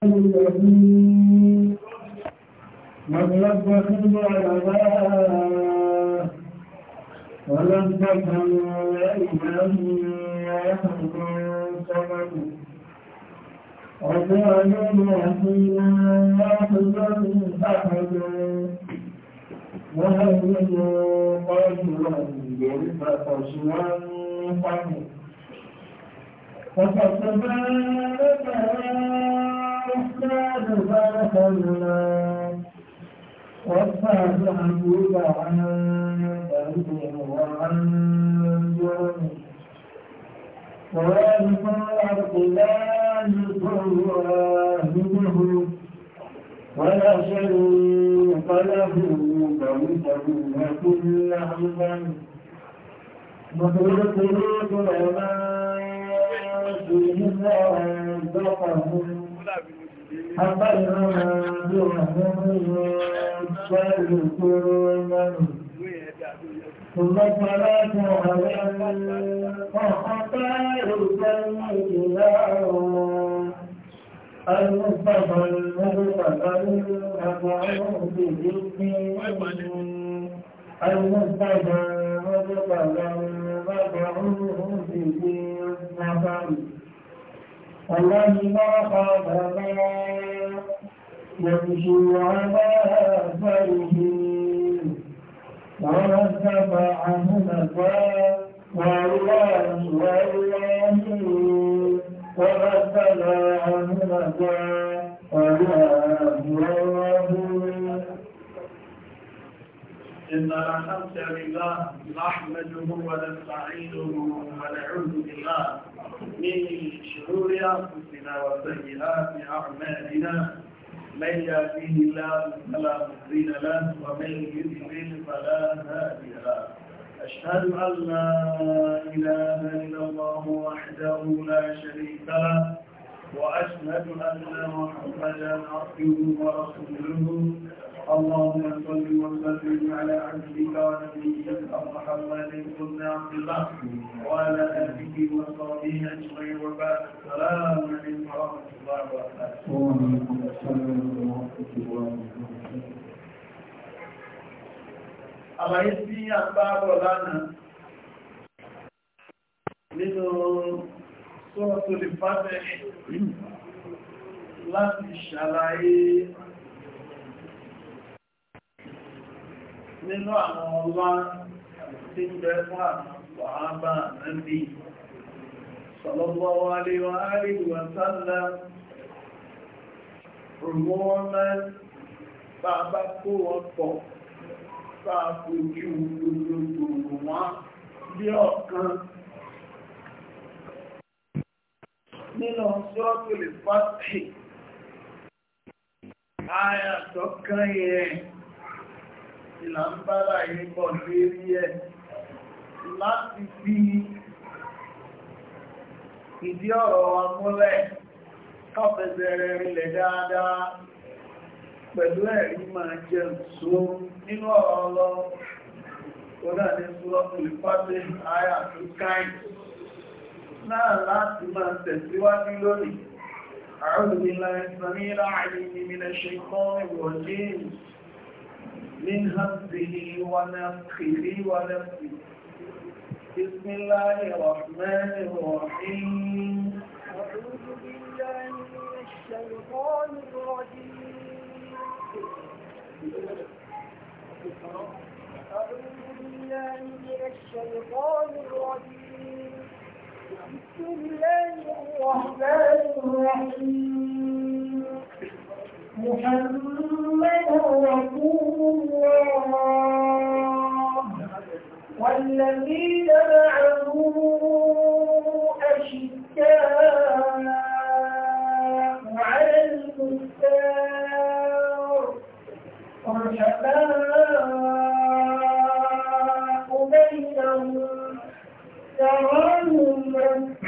الذي من يبخل علماء ولم تكن إليه يهد سمن وجعلوا يقينا يحزن أحد وهيئوا قلبا بالفتشوى قلب فتتبارك الإنسان ما تولى واتبعت عبدك عن ذنبه وعن جرمه ويبقى الأرض لا يطوله ولا شريك له فلتكون كل عظم مخلوق قلوب العباد إذا أنفقهم sábàbí mo sì dé. Abáyé náà máa bí òun àti ọmọ ìlú pẹ́lú ìkóró ẹgbẹ́rún. Ìgbẹ́pọ̀ láti àwọn ọ̀kan pẹ́lú pẹ́lú ìlà ọ̀rọ̀. Alúgbàgbà ni wọ́n bàbá nínú àgbà ọ̀rọ̀ òṣèlú ní Alúgbàgbà ni wọ́n bàbá nínú àgbà ọ̀rọ̀ òṣèlú ní والله ما خاب ما يمشي على أثره ورتب عهدا والله والله ورتب عهدا والله والله إن الحمد لله نحمده ونستعينه ونعوذ بالله من شرور أنفسنا وسيئات أعمالنا من يهديه الله فلا مضل له ومن يضلل فلا هادي له أشهد أن لا إله إلا الله وحده لا شريك له وأشهد أن محمدا عبده ورسوله اللهم صل وسلم على عبدك ونبيك محمد بن عبد الله وعلى آله وصحبه أجمعين وبعد السلام عليكم ورحمة الله وبركاته. أما السلام ورحمة الله وبركاته. sọ́rọ̀ tó lè fásẹ̀ láti ṣàlàyé nínú àwọn ọlá tí ń bẹ fún àwọn àbá àmẹ́bí sallallahu alaihi wa alihi wa sallam rùmọ́ọ́mẹ́ bá bá kó wọn pọ̀ bá fojú gbogbo wọn bí ọ̀kan nínú sọ́ọ̀tù lè fásitì àyà tó kán yẹ ìlà ń bára yìí láti fi ìdí ọ̀rọ̀ wa múlẹ̀ tọ́fẹsẹ̀ dáadáa pẹ̀lú ẹ̀rí máa jẹ nínú ọlọ́ náà láti máa tẹ̀síwájú lónìí أعوذ بالله السميع العليم من الشيطان الرجيم من همزه ونفخه ونفخه بسم الله الرحمن الرحيم أعوذ بالله من الشيطان الرجيم أعوذ بالله من الشيطان الرجيم بسم الله الرحمن الرحيم محمد رسول الله والذين معه أشداء على الكفار رحماء بينهم تراهم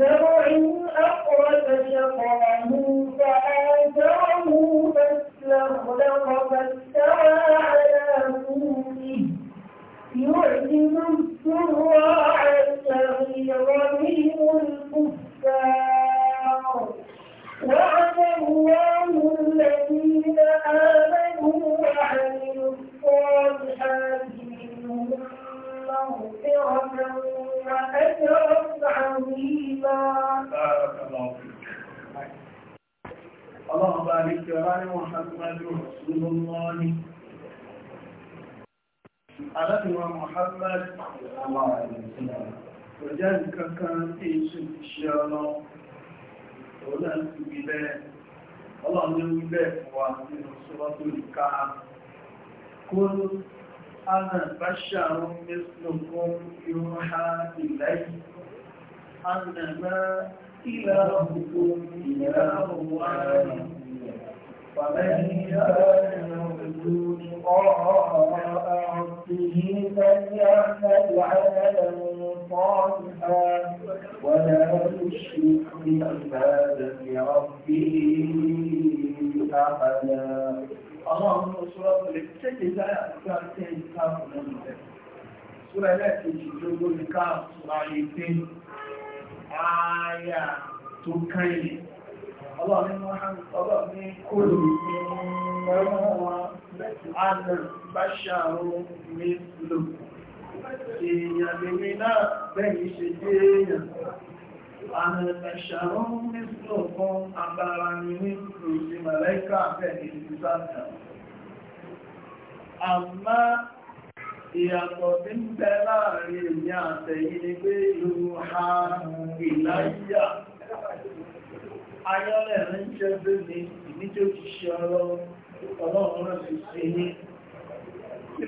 زرع يعمل عملا صالحا ولا يشرك بعبادة ربه أحدا اللهم صلاة الاجتزاء أفكارتين كافنا سورة تقول تجدد الكاف صلاحيتين آية تكيل الله من محمد الله من كل من هو أنا بشر مثلكم èèyàn lèmi náà bẹ́yìn ṣe jẹ́ èèyàn àmì ẹ̀ṣàrún mísìlò fún abára ní mísìlò sí mẹ́lẹ́kà bẹ́ẹ̀ ní sáàtà àmá ìyàtọ̀ tí ń bẹ láàrin èmi àtẹ̀yìn ni pé ìlú ha ìláyà ayọ́lẹ̀ ń ṣẹ́ bí mi ìdíjọ́ ti ṣe ọlọ́run rẹ̀ sí ní Ṣọ́kí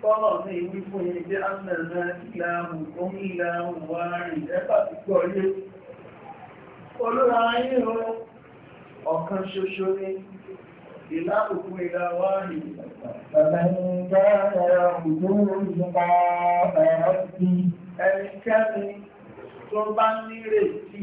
tọ́lọ̀ ní ìwí fún ìgbé àmìrìnà ìlàmù fún ìlàmù wà rí ẹgbà ti gbọ́ yé. Olúra ayé o, ọ̀kan ṣoṣo ní ìlàmù fún ìlàmù wà rí. Bàbá ń dá ẹ̀rọ òjò ìjọba ẹ̀rọ ti. Ẹnikẹ́ni tó bá nírètí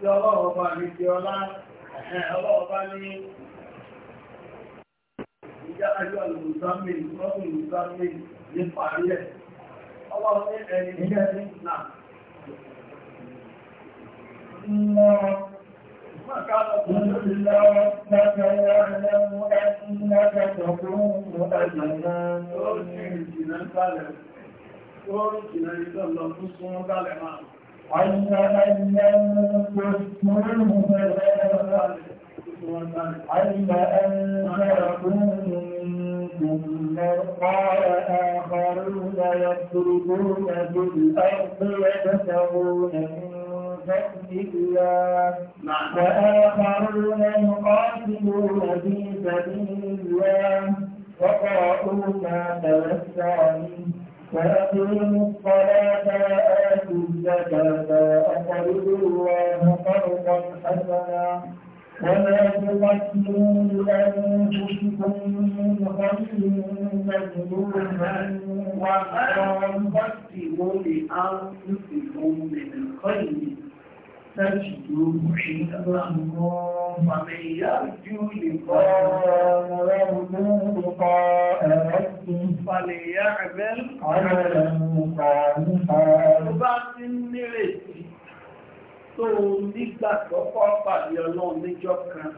tí ọlọ́run bá ní ti ọlá ọlọ́run bá ní ìjà ayọ́ olùsámi lọ́dún olùsámi ní parí ẹ̀ ọlọ́run ní ẹni ní ẹni mọ́ Orí ìjìnà ìsọ́lọ̀ fún súnmọ́ gálẹ̀ máa. علم أن لن تحصوه علم أن سيكون منكم قال آخرون يضربون في الأرض يبتغون من فضل الله وآخرون يقاتلون في سبيل الله وقرأوا ما توسع منه فأقيموا الصلاة وآتوا الزكاة وأقرضوا الله قرضا حسنا وما تقدموا لأنفسكم من خير مجنون وما تقدموا لأنفسكم من خير تجدوه حينها ومن يرجو لقاء يرجو لقاء ربه فليعمل عملا صالحا tó bá ti ń nírètí tó nígbàgbọ́ pàpàdé ọlọ́run níjọ́ kan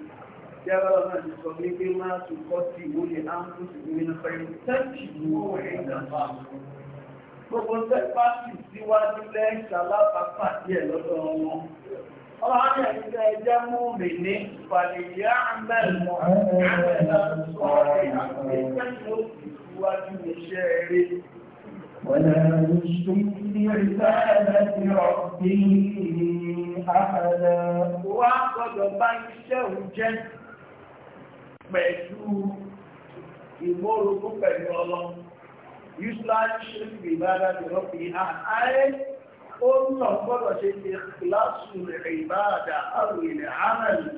jẹ́rọ náà ti sọ wípé máa tún kọ́ sí ìwòye áńkù sí ìwé náà fẹ́ràn tẹ́jì ìwò rẹ̀ ìdàgbà gbogbo tẹ́pá sì síwájú lẹ́ṣà lápapà díẹ̀ lọ́dọ̀ wọn. Ọlọ́run ẹ̀ṣẹ́ ẹjẹ́ mú mi ní ìpàdéyà mẹ́lmọ̀ àmẹ́lá sọ́ọ̀rẹ́ àti ìpẹ́lú ìwájú iṣẹ́ eré. ولا يشرك بعبادة ربه أحدا وأخذ بيشه جد pẹ̀lú ìmọ̀rùn-ún pẹ̀lú ọlọ́run yusuf ṣíkì ìbára ti rọ́pì àáyé ó ń lọ gbọ́dọ̀ ṣe ti kíláàsù ìbára àrùn ilẹ̀ àmàlì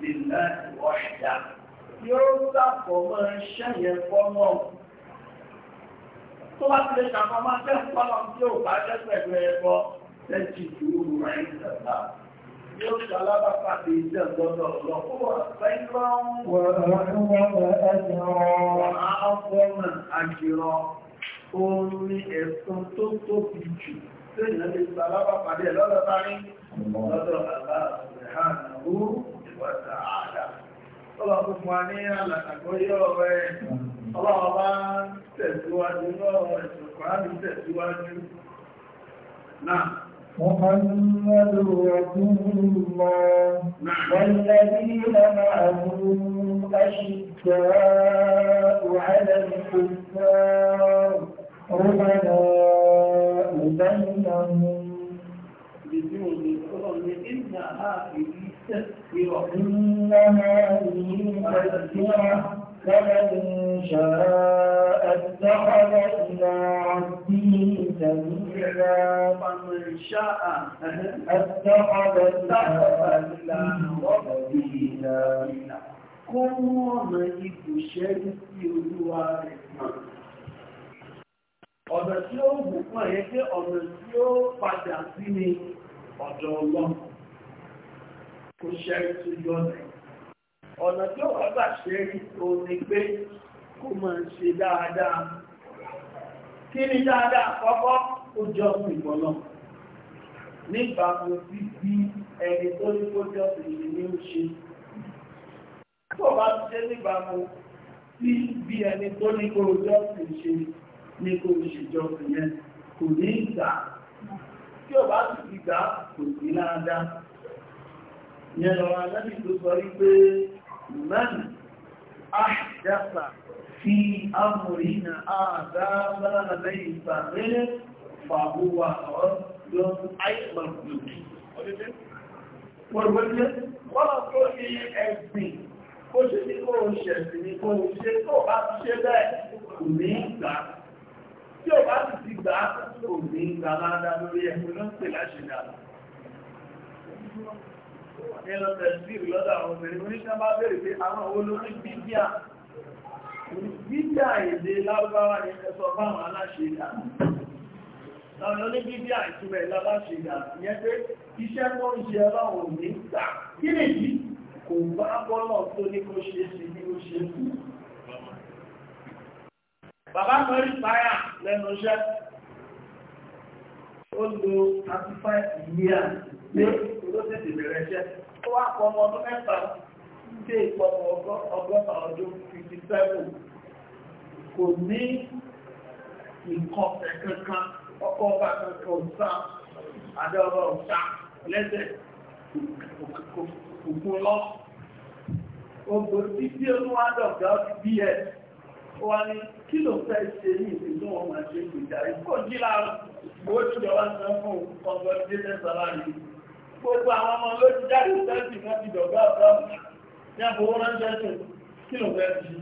lílẹ̀ wọ́ṣẹ̀dá yóò sàpọ̀ mọ́ ṣẹ́yẹ fọ́mọ́ tó bá ti lè ṣàpamọ́ akẹ́kọ̀ọ́ lọ sí òbá jẹ́ pẹ̀lú ẹ̀kọ́ yóò ṣàlábà pàdé ìjẹ́ ìjọ́dọ̀ ọlọ́pọ̀ àpẹ́lọ́ wọ́n àpọ́mọ̀ àjìrọ̀ orí ẹ̀sùn tó tóbi jù tí ìyẹn lè ṣàlábà pàdé lọ́dọ̀ tání lọ́dọ̀ àbá ìhànàwó ìwọ̀ta àdá ọlọ́pọ̀ fún wa ní alàtàgbóyọ́ rẹ̀ ọlọ́wọ́ bá tẹ̀síwájú lọ́rọ̀ ẹ̀sùn محمد رسول الله والذين معه أشداء على الكفار رحماء بينهم بدون القرآن إنها إن هذه تذكرة فمن شاء اتخذ إلى ربه سبيلا فمن شاء اتخذ إلى ربه سبيلا kó wọ́n ọ̀nà ibùṣẹ́ sí olúwa rẹ̀ mọ̀. ọ̀nà tí ó wù fún ẹ̀yẹ́ pé ọ̀nà tí ó padà sí ni ọ̀dọ̀ ọlọ́run kò ṣẹ́rí tó yọ ọ̀nà ọ̀nà tí ó wọ́n ṣe rí o ní pé kó mọ̀ ṣe dáadáa kí ni dáadáa kọ́kọ́ ó jọ fún ìbọ̀lọ́ níbàmú sí bí ẹni tó ní kó jọ sí ìṣe ní ó ṣe tó bá ti ṣe níbàmú sí bí ẹni tó ní kó jọ sí ìṣe ní kó ṣèjọ sí yẹn kò ní ìgbà tí ó bá ti gbà kò sí dáadáa yẹn lọ́wọ́ adájú tó sọ wípé من أحدث في أمرنا آذاب ليس منه فهو رد أي مخلوق Wọ̀lọ̀wọ̀lẹ́ wọ́n tó ní ẹ̀sìn kó ṣe ní kó ṣẹ̀sìn ní kó ṣe tó bá ti ṣe bẹ́ẹ̀ kò ní ìgbà. Tí ò bá ti ti gbà á kò ní ìgbà lára lórí ẹ̀kùn lọ́pẹ̀ láṣẹ̀dà ẹlọ tẹ̀síìrì lọ́dọ̀ àwọn obìnrin oníṣẹ́ bá bèèrè pé àwọn olórin bíbíà bíbíà èdè lárúbáwá ni ẹsọ fáwọn aláṣẹ ìdá àwọn olórin bíbíà ìtumẹ̀ láláṣẹ ìdá yẹn pé iṣẹ́ mọ́ ń ṣe ọlọ́run ní gbà kí nìyí kò bá bọ́lọ̀ tó ní kó ṣe sí ní ó ṣe kú bàbá kan rí fáyà lẹ́nu iṣẹ́ ó lo 35 years pé olóṣèlú bẹ̀rẹ̀ iṣẹ́ tó wá pọ̀ ọmọ ọdún mẹ́ta dé ìpọ̀mọ̀ ọgọ́ta ọdún 57 kò ní ìkọ̀ọ̀fẹ́ kankan ọkọ̀ ọba kankan ọ̀sá àdọ́rọ̀ ọ̀sá lẹ́sẹ̀ òkun lọ ògbò tí tí ó ń wá dọ̀gá ti bí ẹ wá ní kí ló fẹ́ ṣe ní ìpínlẹ̀ wọn máa ṣe ìgbìyànjú kò jí láàrùn owó tí ìjọba ń san fún ọgbọ̀n dé gbogbo àwọn ọmọ ló ti jáde sẹ́ẹ̀sì wọn ti dọ̀gá ọ̀gá ní àbúrò ránṣẹ́ tó kí fẹ́ fi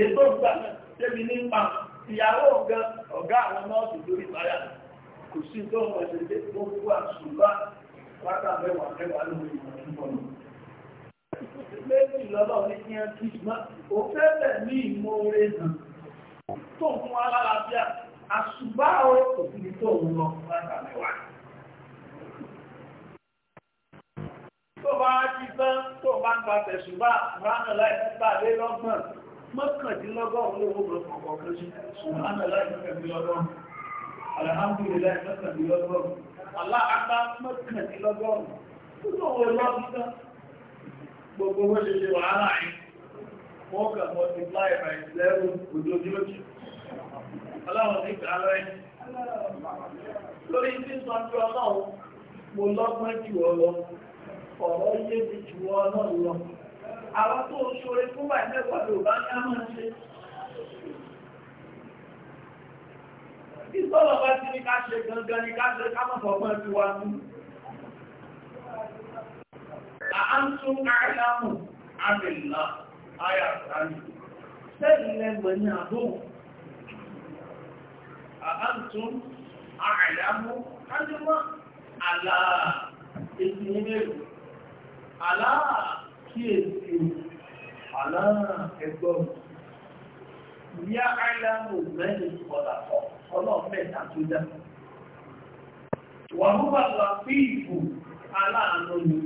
èyí tó gbà tẹ́mi ní pa ìyàwó ọ̀gá ọ̀gá àwọn nọ́ọ̀sì lórí ìpáyà kò sí tó ń wọ̀ṣẹ̀ dé gbogbo àṣùgbà wákà mẹ́wàá mẹ́wàá méjì ní kí ẹ ní nà tó bá ti tán tó bá ń gba tẹ̀sùbá ránà láì nípa lé lọ́gbọ̀n mọ́kàndínlọ́gọ́rùn lówó gbọ́dọ̀ kọ̀ọ̀kan sí ránà láì mọ́kàndínlọ́gọ́rùn alihamdulilayi mọ́kàndínlọ́gọ́rùn aláàbá mọ́kàndínlọ́gọ́rùn tó tó wọ lọ́bí tán gbogbo wọ́n ṣe ṣe wàhálà yìí wọ́n kà multiply by eleven ojoojúmọ́jì aláwọ̀ ní ìgbàlọ́ ẹ̀ lórí tí sọ́jú ọlọ́run mo lọ́gbọ́n jù ọ lọ ọ̀rọ̀ yé mi jù ọ náà lọ àwọn tó ń ṣore fún bàí mẹ́wàá ló bá ní àmọ́ ṣe ìsọ́lọ̀ bá ti ní ká ṣe gangan ní ká ṣe kámọ̀fọ́gbọ́n ti àlàá ètì mẹ́rin aláàkíyèsí aláàkẹgbọ́n yá àìlàmù mẹ́rin ọ̀làkọ̀ ọlọ́mẹ́ta tó dá wà mú bàbá fí ìbò aláàánú ni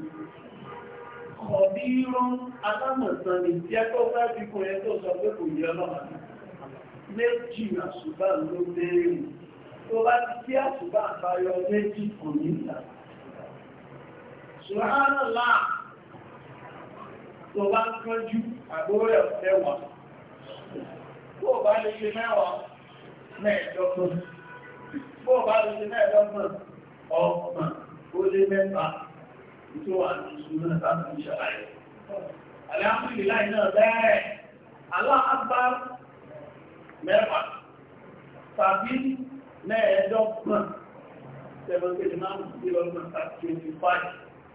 ọ̀bí rán alámọ̀sán ni tí ẹ tó fẹ́ fi kún ẹ tó sọ pé kò yẹ ọlọ́run méjì tó bá ń kánjú àgbórẹ̀ mẹ́wàá tó bá lè ṣe mẹ́wàá mẹ́ẹ̀dọ́gbọ̀n tó bá lè ṣe mẹ́ẹ̀dọ́gbọ̀n ọmọ ó lé mẹ́fà tó wà ní ìṣúná láti ṣàlàyé aláàmúlìláì náà bẹ́ẹ̀ aláàbá mẹ́fà tàbí mẹ́ẹ̀ẹ́dọ́gbọ̀n 79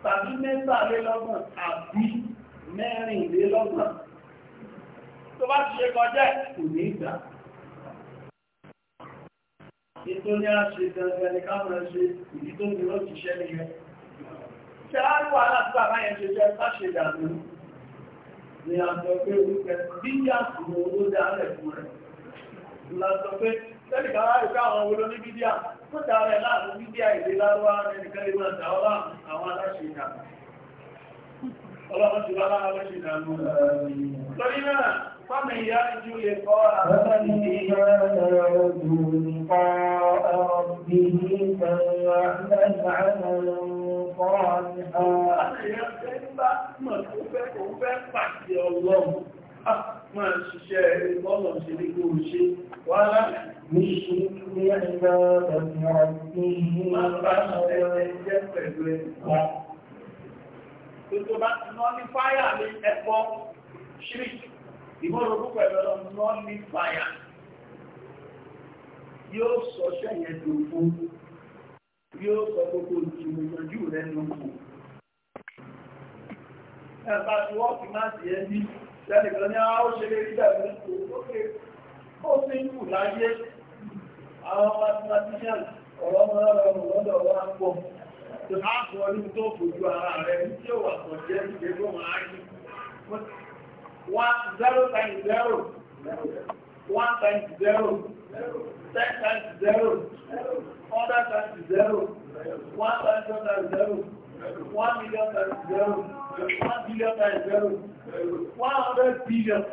tàbí mẹ́tàlélọ́gbọ̀n tàbí mẹ́rìnlélọ́gbọ̀n tó bá ti ṣe kọjá kò ní ìgbà ètò ní a ṣe gẹ̀ẹ́gẹ̀ ní káàmù ṣe ìdí tó ní ó ti ṣẹ́ ní ẹ ṣe láàrùwà láti bàbá yẹn ṣe jẹ́ sáṣe ìdàgbé ni a sọ pé orúkẹ bí yàtùmọ̀ owó dáálẹ̀ fún rẹ̀ la sọ pé tẹ́lìkà láàrù káwọn owó ní bídíà tó dáálẹ̀ láàrù bídíà ìdíláwà ẹnìkan ìwọ̀n ọlọ́run ti wá lára lẹ́ṣì ìdánú lórí náà fọ́mì ìyá ìjú lè kọ́ Máa ṣiṣẹ́ ìbọ́lọ̀ ṣe ní kó ṣe wá láti ní ṣe ní ẹgbẹ́ ọ̀dọ̀ ìrọ̀lẹ́ ìgbẹ́ pẹ̀lú ẹ̀kọ́ tó bá nọ́ọ̀lì fáyà ní ẹ̀kọ́ ṣíríkì ìmọ̀ràn púpọ̀ ẹ̀rọ nọ́ọ̀lì fáyà yóò sọ sẹ́yìn ẹ̀dùnkú yóò sọ gbogbo ìjìnlẹ̀jú rẹ̀ lókù. Ẹ̀bá ti wọ́n fi máa ti ẹbí lẹ́nìkan ní àwọn òṣèré ìgbà ìlú òkè ó sì ń kù láyé àwọn mathematicians ọ̀rọ̀ ọmọ ọ̀rọ̀ ọ̀rọ̀ ọ̀rọ̀ tó bá sọ ní tó fojú ara rẹ̀ ní tí ó wà sọ jẹ́ ìgbé bó máa rí one zero times zero one times zero ten times zero hundred times zero one thousand times zero one million times zero one billion times zero one hundred billion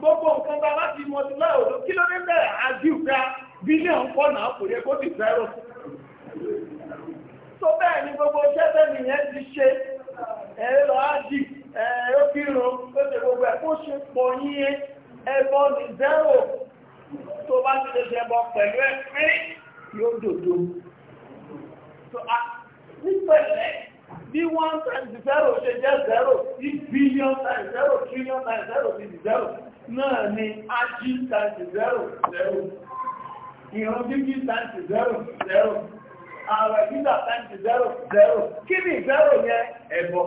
gbogbo nǹkan bá láti mọ̀ sí láòrò kí ló dé bẹ́ẹ̀ àjíǹkà bílíọ̀n pọ̀ náà kò yẹ kó ti zero tó bẹ́ẹ̀ ni gbogbo iṣẹ́ tẹ́mi yẹn ti ṣe ẹ̀rọ ájì ẹ̀rọ kírun ó ṣe gbogbo ẹ̀ kó ṣe pọ̀ yín ẹbọ ní zero tó bá ti lè ṣe ẹbọ pẹ̀lú ẹ̀ pé yóò dòdò nípẹ̀lẹ́ bí one times zero ṣe jẹ́ zero bí billion times zero trillion times zero ti di zero náà ni ájì times zero zero ìran times zero zero ààrẹ yíyà times zero zero kí ni zero yẹn ẹ̀bọ̀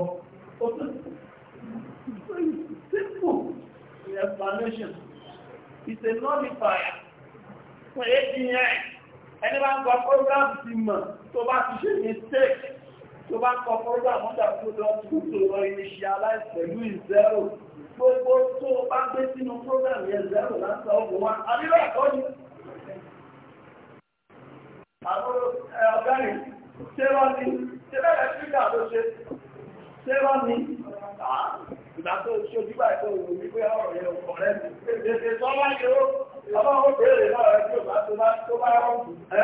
simple explanation it's a nullifier fún èdè yẹn ẹni bá ń kọ program ti mọ̀ tó bá ti ṣe mistake tó bá ń kọ program wọ́n dàbí ó lọ tún tó lọ initialize pẹ̀lú zero gbogbo tó bá gbé sínú program yẹn zero láti ọgbọ̀n wa àbílẹ̀ ẹ̀kọ́ ni àwọn ọ̀gáyìn ṣé wọ́n ní ṣé bẹ́ẹ̀ ṣíkà ló ṣe ṣé wọ́n ní ìgbà tó ṣojú báyìí tó wù mí pé ọ̀rọ̀ yẹn kọ̀ rẹ̀ mi èdè tó wá yẹ ó ọmọ ó béèrè náà rẹ̀ tí ò bá tó bá tó bá rọ̀ jù ẹ́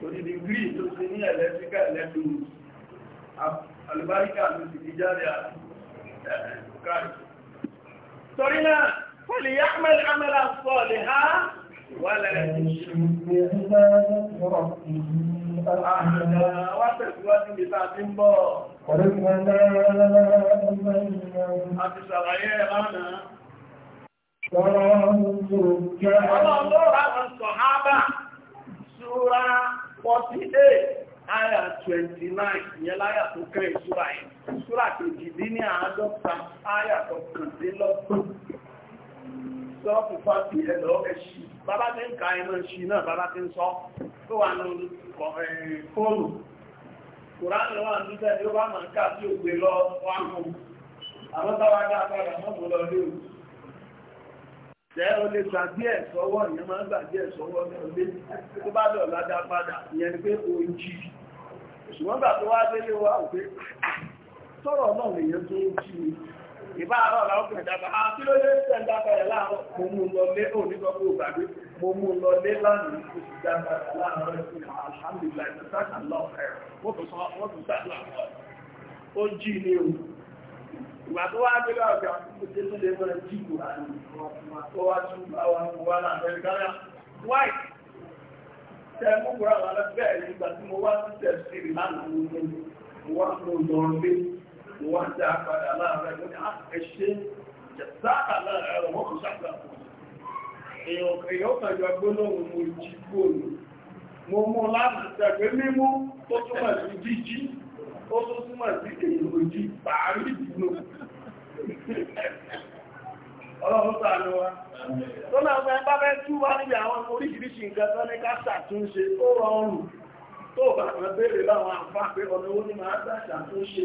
torí ní gírí tó ṣe ní ولا تشرك بعبادة ربه أحدا وتزواج بتاعت الله ولما أنت سرعي أنا Ọlọ́run àwọn sọ̀hábà, Súra 48, Aya 29, ìyẹn láyà tó kẹ́ ìṣúra yìí. Súra kejì dín ní àádọ́ta, Aya kọkàndínlọ́gbọ̀n. Sọ́ọ̀pù fásitì ẹ̀lọ́ ẹ̀ṣì bàbá tí ń ka ẹmọ ṣì náà bàbá tí ń sọ tó wà ní fóònù kòránì wà ní sẹ́ni ó bá máa ká sí ògbé lọ wá mú àwọn táwa dá padà mọ́ mú lọ lé o jẹ́ o lè gbà díẹ̀ sọ́wọ́ ìyẹn máa ń gbà díẹ̀ sọ́wọ́ ní ọdẹ tó bá dọ̀ ládá padà ìyẹn ni pé o ń jí ṣùgbọ́n gbà tó wá délé wa ò pé ah, sọ̀rọ̀ náà lèyẹn tó ń jí ni ìbá àárọ̀ làwọn kò dábàá á kí ló dé ṣe ń dábàá yẹn láàárọ̀ mo mú un lọ lé òní lọ kó gbàgbé mo mú un lọ lé lánàá kó sì dábàá yẹn láàárọ̀ ìpínlẹ̀ alhamdulilayi ṣe sáà lọ ẹ̀ wọ́n tún sọ wọ́n tún sáà lọ ó jí ni o ìgbà tó wá gbé lọ ọ̀gá tó lè tó wá tún wọ́n dá padà láàárẹ̀ wọ́n ni a ṣe jẹ̀sáàkà láàárẹ̀ wọ́n kò ṣàgbà fún èèyàn kàjọ gbólóhùn mo jí gbóòlù mo mú láti tẹ̀gbé mímú tó túnmọ̀ sí jíjí ó tó túnmọ̀ sí èèyàn òjì pàárí ìdúnú ọlọ́run sàánú wa tó náà fẹ́ bá fẹ́ tú wá níbi àwọn oríṣiríṣi láwọn àfáà pé ọ̀nà ó ní máa ṣàtúnṣe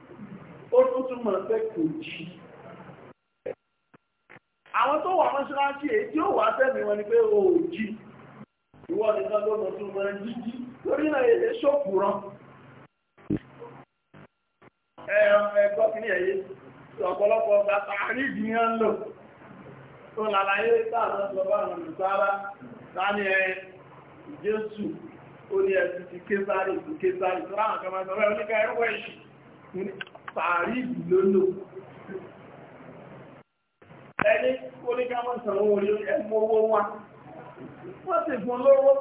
ó tún túnmọ̀ pé kò jí àwọn tó wà tí ó wà sẹ́mi wọn ni pé ó jí ìwọ nìkan ló mọ̀ tó mọ̀ jíjí torí náà èdè ṣòkù rán ẹ̀kọ́ kìíní ẹ̀yẹ ọ̀pọ̀lọpọ̀ bàtà àríjì ní ọ̀nà tó lálàyé táàmù lọ́wọ́ àwọn olùsára láni ẹ̀ Jésù ó ní ti ti tó kan tààríìbì ló ẹni oníkàmọ́ ìsànwó orí ẹmọ owó wa wọ́n sì fún lówó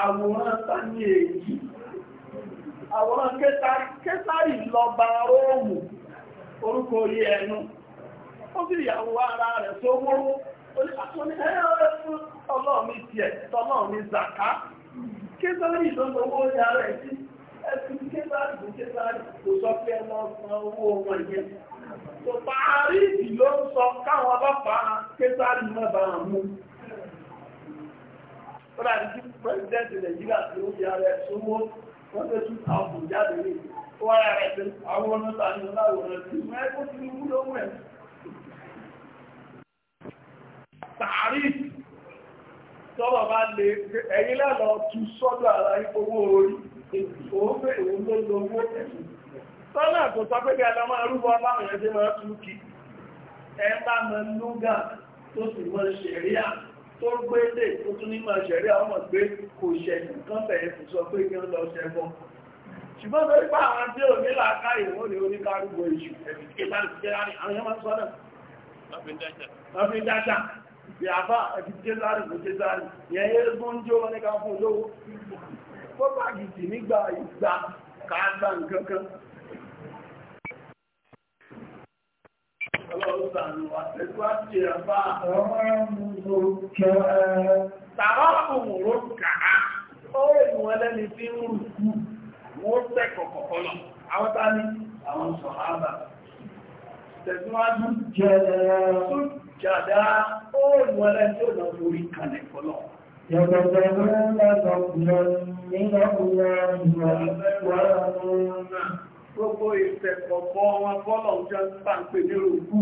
àwòrán tání èyí àwòrán kẹsàrì lọ́ba róòmù orúkọ orí ẹnu ó sì yàwó ara rẹ̀ sówó ọlọ́ọ̀mí tiẹ̀ tọ́lọ́ọ̀mí zàká kẹsàrì lọ́ba owó orí ara sí ẹ̀sùn kéfàrí kò kéfàrí kò sọ pé ẹ lọ san owó wọn yẹn tó parí ìdí ló ń sọ káwọn ọlọ́pàá kéfàrí mọ́ bá wọn mú ó dàbí tí president nàìjíríà tí ó fi ara ẹ̀ sówó wọ́n fẹ́ tún àwọn jáde ní ó wáyà rẹ̀ pé àwọn ọmọ náà ní ọláwòrán tí wọ́n ẹ́ kó ti ní wúlò tààrí tọ́lọ̀ bá lè ẹ̀yìn lẹ́lọ tún sọ́dọ̀ ara ipò orí Sọ́nà kò sọ pé kí a lọ máa rúbọ báwọn èèyàn tí máa tún kí. Ẹ bá mọ lúgà tó sì mọ ṣẹ̀ríà tó gbé lè tó tún ní máa ṣẹ̀ríà ọmọ gbé kò ṣẹ̀yìn kan bẹ̀rẹ̀ kò sọ pé kí ó lọ ṣẹbọ. Ṣùgbọ́n tó rí pa àwọn tí ò ní pọ́tàkì tì nígbà ìgbà káàgbà nǹkan kan Àwọn tání àwọn sọ̀hábà. Tẹ̀síwájú jẹ́ ẹ̀rọ tó jàdá ó ìwọ̀n ẹlẹ́ni tó lọ lórí kalẹ̀ fọ́lọ̀. يبتغون فضلا من الله ورضوانه Gbogbo ìfẹ́ kọ̀kọ́ wọn bọ́lọ̀ jẹ́ ń bá ń pè ní òkú,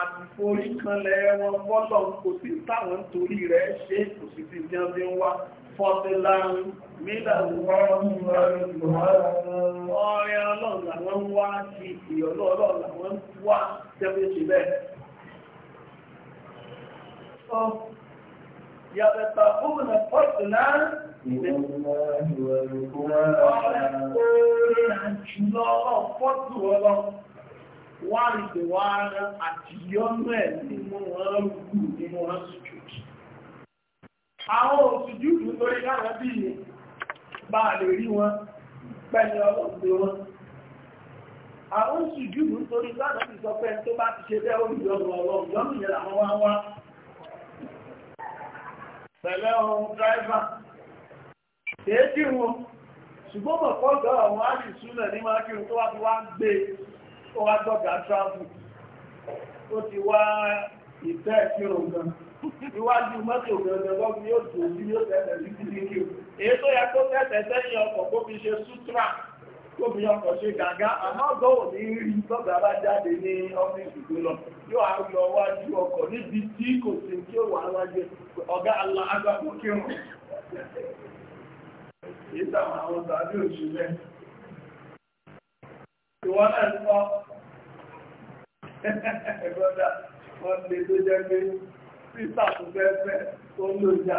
àti forí kanlẹ̀ wọn bọ́lọ̀ kò sí táwọn torí rẹ̀ ṣe kò sí ti jẹ́ bí wá fọ́tílá mílà ọ̀rẹ́ ọlọ́run làwọn wá sí ìyọ̀lọ́ ọlọ́run làwọn wá tẹ́fẹ́ يبتغون فضلا Wọ́n rí pé wá rán àti yọ́nú ẹ̀ nínú wọn rúgbù nínú wọn sùjúdù. Àwọn òsùjúdù lórí lára bí i bá lè rí wọn pẹ̀lú ọlọ́pẹ́ wọn. Àwọn òsùjúdù lórí lára bí i sọ pé tó bá ti ṣe bẹ́ pẹ̀lẹ́ ohun dráìbà kìí kírun ṣùgbọ́n mọ̀ pọ́gọ́ àwọn àdìsúnlẹ̀ ní máa kírun tó wá ti wá gbé ó wá gbọ́gà travel ó ti wá ìtẹ́ kírun gan iwájú mọ́tò gbẹ̀gbẹ̀ lọ́gbìn yóò tó sí yóò tẹ̀lẹ̀ ní kírun èyí tó yẹ kó tẹ̀tẹ̀ sẹ́yìn ọkọ̀ kó fi ṣe tóbi ọkọchị ṣe gàgá ama ò ní rí tọ́gbà bá jáde ní ọ́fíìsì tó lọ yóò á lọ ọkọ̀ níbi tí kò sí tí ó wà wájú ọ̀gá alágbàgbó kírun èyí táwọn àwọn tàbí náà sọ ẹ̀gbọ́dà wọ́n lè tó pé tó fẹ́ fẹ́ tó ń lò já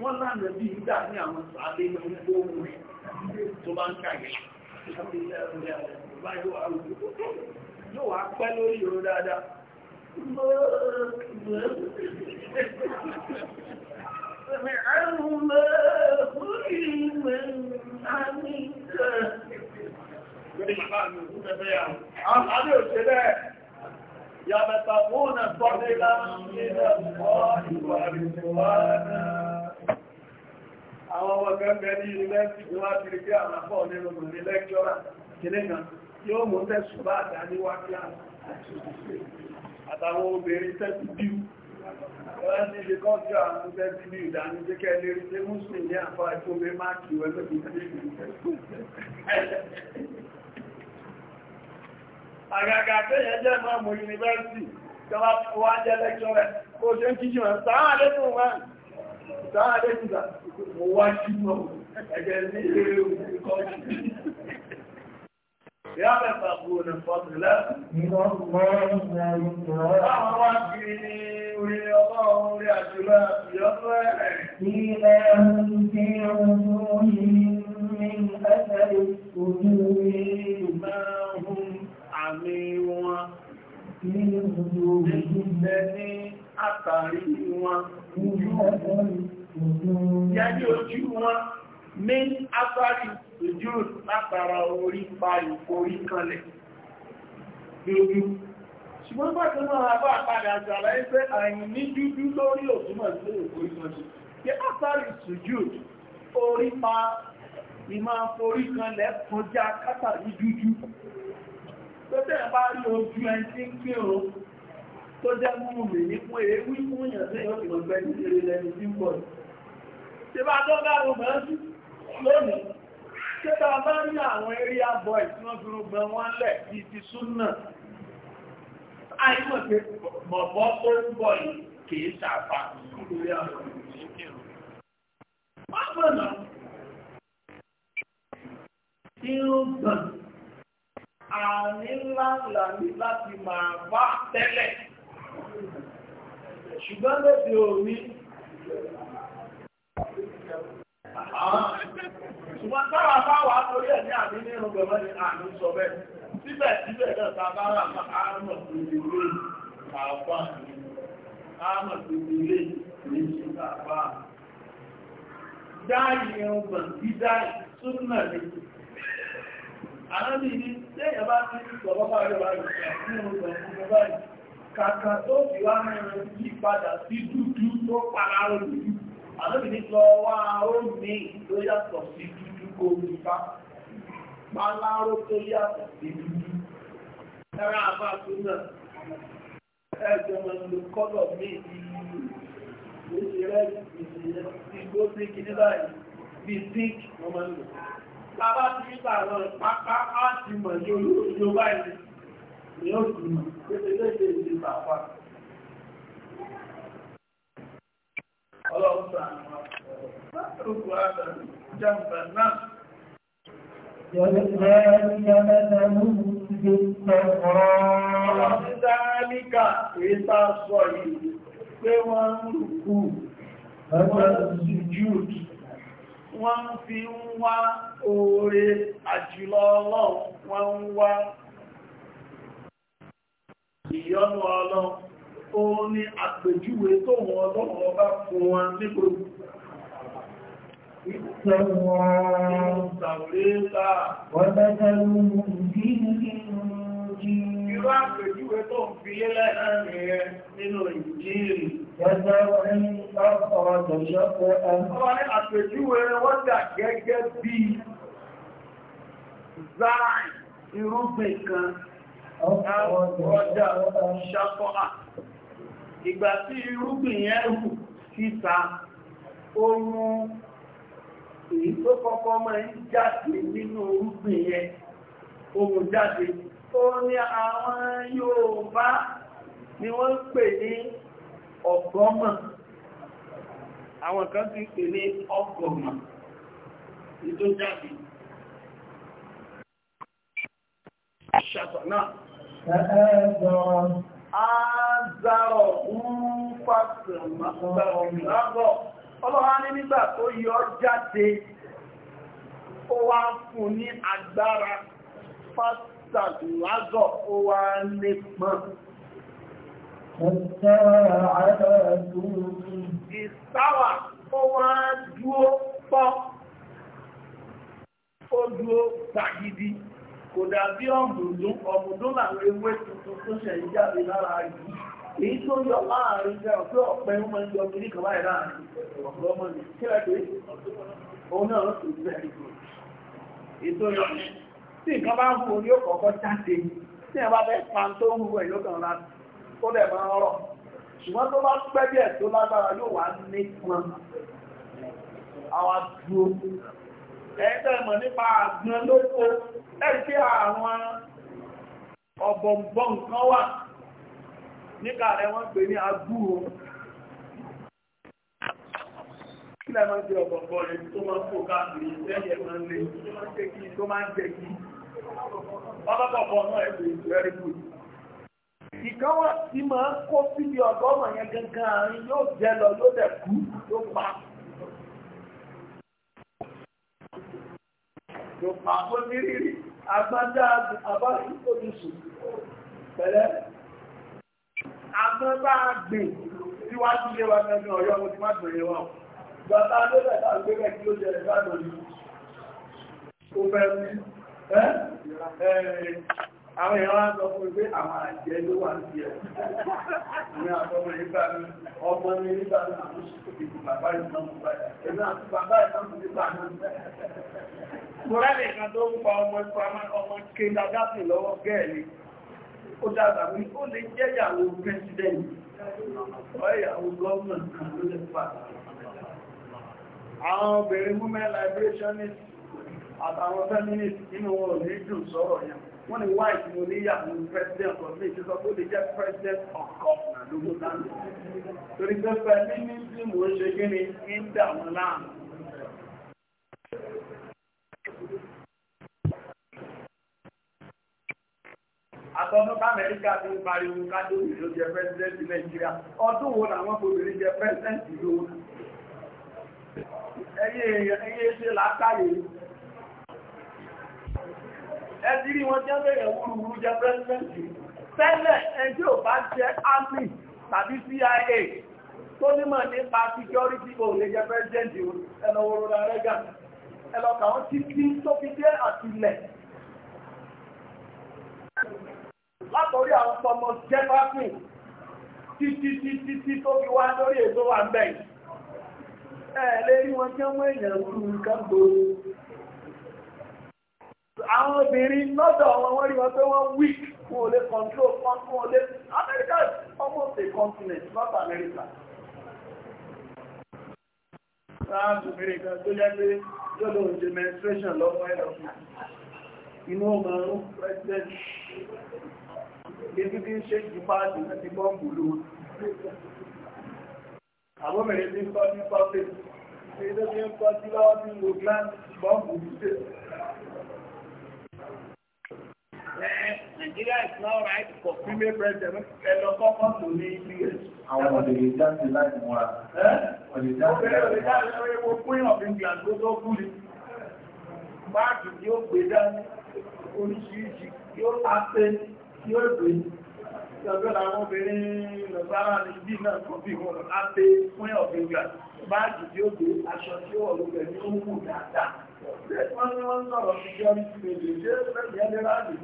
wọ́n lánàá bí ìgbà ní àwọn sàádé ní ogbó orí tó bá ń kàgbé yóò wá pẹ́ lórí ìrò dáadáa Gbẹ́dẹ̀ bàbá mi, ó fẹ́ fẹ́ yà. Àwọn àdé òṣèlẹ́ يبتغون فضلا من الله ورضوانا àwọn ọmọ gẹ́gẹ́ ní ilẹ́sì tí wá kiri pé àwọn afọ́ nínú mọ̀lẹ́ lẹ́kṣọ́rà kìnnìkà yóò mú tẹ́sù bá àdá ní wá kí àtàwọn obìnrin tẹ́sù bíu wọ́n ní ilé kọ́jú àwọn tẹ́sù bíu dání jẹ́ kẹ́ àgàgà tẹ́yẹ jẹ́ mọ́mù yunifásitì jọba wá jẹ́ lẹ́kṣọ́rẹ̀ kó ṣe ń kíjì wọn sáà lẹ́kùn wọn sáà lẹ́kùn mo wá sí mọ́ ẹ̀jẹ̀ ní eré olùkọ́jú Yáàbẹ̀ pàbò ní fọ́tìlẹ́. ní orí ọlọ́run orí ní ẹ̀sẹ̀ àtàrí wọn yẹ́dí ojú wọn ní àtàrí ojú látara orí pa ìforí kanlẹ̀ lójú ṣùgbọ́n bá tí wọ́n bá padà ṣàlàyé pé ní dúdú lórí òtúmọ̀ sí ìforí kanlẹ̀ bá rí ojú ẹni tí ń kírun tó jẹ́ mú mi ní fún ewu fún èèyàn tí yóò ti mọ̀ ní eré lẹ́nu tí ń bọ̀. ṣe bá tó bá rò mọ́ sí lónìí ṣé bá bá rí àwọn area boys tí wọ́n fi rúgbọ́n wọn lẹ̀ bíi ti súnà àìmọ̀ pé bọ̀bọ̀ tó ń bọ̀ yìí kìí ṣàfà lórí àwọn ìṣèkèrò. wọ́n gbọ́nà irun gbọ̀n àní ńláńlá ní láti máa bá tẹ́lẹ̀. ṣùgbọ́n lóde òní ṣùgbọ́n tára bá wà ẹ̀ ní àmì ní gbẹ̀mọ́ ni àmì sọ bẹ́ẹ̀ síbẹ̀síbẹ̀ náà ta bá rà má àmọ̀ bá ti sọ̀rọ̀ bá rẹ̀ kàkà tó fi wá rẹ̀ yí padà sí dúdú tó para olùdú àlóbi ní sọ wá ó ní tó yàtọ̀ sí dúdú kó nípa páláró tó yàtọ̀ sí dúdú ẹ̀rọ àbáṣú náà ẹ̀jọ̀ mọ̀ ló kọ́lọ̀ míì ní ìṣẹ̀lẹ̀ ìṣẹ̀lẹ̀ ìgbó sí kìíní báyìí bíi pink mọ̀mọ́ lò. ti ń gbà pápá á ti mọ̀ ní olóòjò báyìí èèyàn sì mọ̀ pé ẹgbẹ́ ìṣe pàpà. ọlọ́run sàn wọn látòkù àdàn jàǹbá náà. Yọ̀lẹ́lẹ́lẹ́lẹ́ mẹ́tẹ̀lú ti tọ̀rọ̀. Ọlọ́run dáríkà èyí tá sọ yìí pé wọ́n ń rùkú, wọ́n ń ìyọ́nú ọlọ́run ó ní àpèjúwe tó wọn ọlọ́run ọba fún wọn nígbò Irú àpèjúwe tó ń fi lélẹ̀ náà rẹ̀ nínú ìjírí. Gẹ́gẹ́ orin ọkọ̀ ọ̀dọ̀ ṣọ́pọ̀ ẹ̀mọ́. Wọ́n ní àpèjúwe wọ́n dà gẹ́gẹ́ bí Záì irúgbìn kan àrọ́jà ṣàkọ́à ìgbà tí irúgbìn yẹn rù síta oòrùn èyí tó kọ́kọ́ máa ń jáde nínú irúgbìn yẹn oòrùn jáde ó ní àwọn Yorùbá ni wọ́n pè ní ọgọ́mọ̀ àwọn kan ti pè ní ọgọ́mọ̀ ìtó jáde ṣàtọ̀ náà Ṣẹ́ẹ́zọ̀rọ̀. Ààzàrọ̀ ń fàṣẹ̀mọ̀ Ọlọ́run ní nígbà tó yọ jáde, ó wá fún ní agbára fásitàdùlázọ̀ ó wá nípọn. Ìsáwà ó wá dúó pọ́, ó dúó tàgidi kò dàbí ọ̀mùdún ọ̀mùdún làwọn ewé tuntun tó ṣẹ̀ ń jáde lára yìí èyí tó yọ láàrin jẹ́ ọ̀pẹ́ ọ̀pẹ́ ń mọ́ yọ kiri kan láì láàrin ọ̀pọ̀ ọmọ mi kí lẹ́ pé òun náà ló tó bẹ̀ ètò yọ tí nǹkan bá ń ṣùgbọ́n tó bá pẹ́ díẹ̀ tó lágbára yóò wá ní pọn àwọn dúró ẹ̀ẹ́dẹ̀mọ̀ nípa àgbọn lóko ẹ̀sí àwọn ọ̀bọ̀m̀bọ̀n kan wà níkà rẹ̀ wọ́n pè ní agbúrò kí lẹ́ máa ń rẹ̀ tó ìkan wà tí máa ń kó síbi ọ̀gọ́mọ̀ yẹn gangan àárín yóò jẹ lọ ló dẹ̀ ló pa ló pa onírìírí agbádá àbáṣúkò nìṣù pẹ̀lẹ́ àmọ́ bá gbìn síwájú lé wa nínú ọ̀yọ́ mo ti má gbèrè wọn gbàtà ló bẹ̀ta gbé bẹ̀ kí ó jẹ ìgbàdùn yìí ó fẹ́ mi ẹ́ ẹ́ àwọn èèyàn wá sọ fún pé àwọn àjẹ́ ló wà ní ẹ̀ ní àtọ́mọ̀ nígbà ní ọmọ ní nígbà ní àwọn ìbò bàbá ìsànmù báyìí ẹ̀mí àti bàbá ìsànmù nígbà náà mọ̀rẹ́lẹ̀ kan tó ń pa ọmọ ìpamọ́ ọmọ kéńdàgásì lọ́wọ́ gẹ́ẹ̀lì ó dàgbà ní ó lè jẹ́ ìyàwó pẹ́sidẹ̀ntì ọ̀yàwó gọ́ọ̀mù àwọn obìnrin women liberation àtàwọn feminist inú wọn ò ní dùn sọ̀rọ̀ yẹn wọ́n ní white mo níyà mo president of me ṣe sọ pé ó lè jẹ́ president of governor lógún lánàá torí pé feminism ò ṣe kí ni ń dà wọn láàmú. àtọ́dún amẹ́ríkà ti ń pariwo kádóyè ló jẹ pẹ́sidẹ́ntì nàìjíríà ọdún wo làwọn obìnrin jẹ pẹ́sidẹ́ntì ló ẹyẹ ẹyẹ ṣe látàyè ẹ̀dí rí wọn jẹ́ bẹ̀rẹ̀ wúrúwúrú jẹ́ pẹ́sìdẹ̀ntì tẹ́lẹ̀ ẹjí ò bá jẹ́ army tàbí CIA tó nímọ̀ nípa security ò lè jẹ́ pẹ́sìdẹ̀ntì ẹlọ́wọ́ rọra rẹ́gà ẹlọ́kà wọn ti kí tó fi dé àtìlẹ̀ látọ̀rí àwọn ọmọ jẹ́pàfì títí títí tí tó fi wá lórí ètò wà ń bẹ̀ ẹ̀ lè rí wọn jẹ́ wọ́n èèyàn rú nǹkan gbòòrò àwọn obìnrin lọ́dọ̀ wọn wọ́n rí wọn pé wọ́n weak wọn ò control wọn wọn ò America is almost a continent North America. sáà obìnrin kan tó jẹ́ pé yóò lóun ṣe menstruation lọ́wọ́ ẹ̀ lọ́wọ́ inú ọmọ ọ̀run president ibi tí ń ṣe jù páàdì láti bọ́m̀bù ló àbọ́mẹ̀rẹ̀ tí ń kọ́ ní pọ́pẹ̀ tí ó tí ń kọ́ sí lọ́wọ́ tí ń lo gland Nigeria is now right for female president. Ẹ lọ kọ́kọ́ tó ní US. Àwọn òdèrè jáde láti mọ́ra. Òdèrè jáde láti mọ́ra. Òdèrè wo Queen of England tó tó kú ni. Máàkì yóò gbé dání oríṣiríṣi yóò ápé yóò gbé. Ìjọba àwọn obìnrin lọ́sára ní ibi náà kan bí wọn ápé Queen of England. Máàkì yóò gbé aṣọ tí ó wọ̀ lóbẹ̀ ní ó wù dáadáa. Wọ́n ní wọ́n sọ̀rọ̀ sí jẹ́ ìpèdè jẹ́ ìpèdè ẹni láàrín.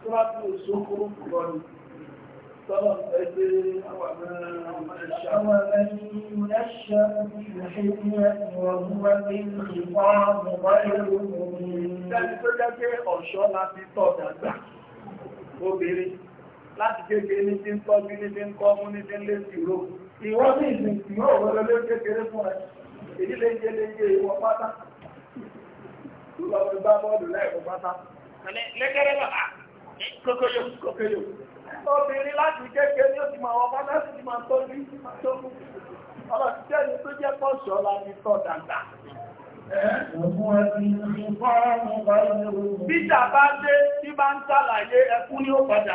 Tó bá tí ó sókúrú púpọ̀ ni. Tọ́lọ̀ ẹgbẹ́ àwọn ọmọ láti kékeré ní tí ń kọ́ bí ní tí ń kọ́ mú ní tí ń lé sí ìró. Ìwọ́n ní ìsìn ìró òwúrọ̀ lé kékeré fún ẹ. èyí lè ń jẹ́ lè ń ìwọ pátá lọ fi bá bọ́ọ̀lù láìpọ̀ pátá. lẹ́gẹ́rẹ́ náà kókóyò kókóyò obìnrin láti máa wọ pátá ti máa tó jẹ́ tó jẹ́ ọ̀la ti tọ̀ dàgbà. Bíjà bá dé bá ń ẹkún ó padà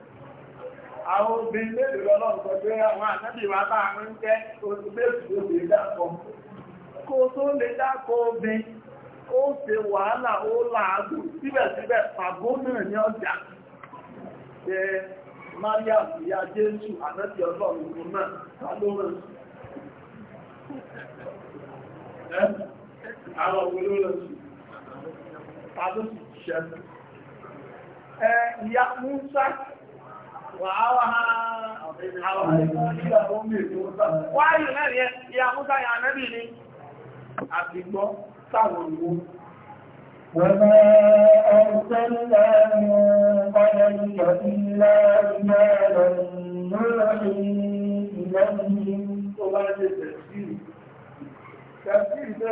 àwọn obìnrin mélòó lọ́lọ́run sọ pé àwọn ya wa bá ń jẹ́ oṣù lè kó tó lè dákọ̀ obìnrin ó ṣe wàhálà ó làágùn síbẹ̀síbẹ̀ pàbó náà ní ọjà Jésù náà Musa Wáyé mẹ́rin ya Musa ya Nẹ́bì ni, àti gbọ́ sáwọn ìwò. Wọ́n ẹ̀ẹ́sẹ́ lẹ́rin ọ̀rẹ́ ìjọ̀ ilẹ̀ ìmẹ́ rẹ̀ lórí ilẹ̀ ìlú tó bá jẹ́ tẹ̀síì. Tẹ̀síì tẹ́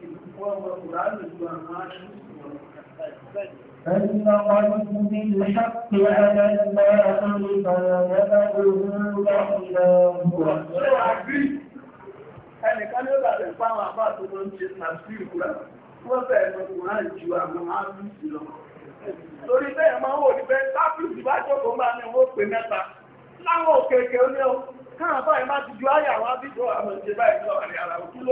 فانطلقت بالحق على الباطل فنبذه فإذا àbá tó ń ṣe tàbí ìkúrà, wọ́n bẹ̀rẹ̀ mọ́ kùnrin àìjú àwọn áàbùsì lọ. Torí bẹ́ẹ̀ máa wò ní bẹ́ẹ̀ bá máa ní owó pè mẹ́ta. Láwọn òkèèkè ó ní ẹ̀ má ti ju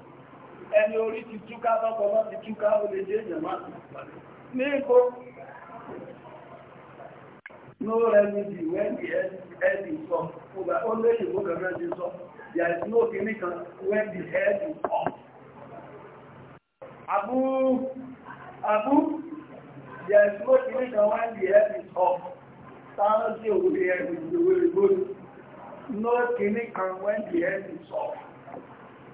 ẹni orí ti túká tọ́kọ̀ lọ́ ti túká ó lè jẹ́ ìjẹ̀má ní ipò no remedy when the head is up ó lé ìbò kẹfẹ́ ti sọ there is no kìíní kan when the head is up abu abu there is no kìíní kan when the head is up táwọn sí òwúrẹ́ ẹgbẹ̀rẹ̀ ìgbòrò no kìíní kan when the head is up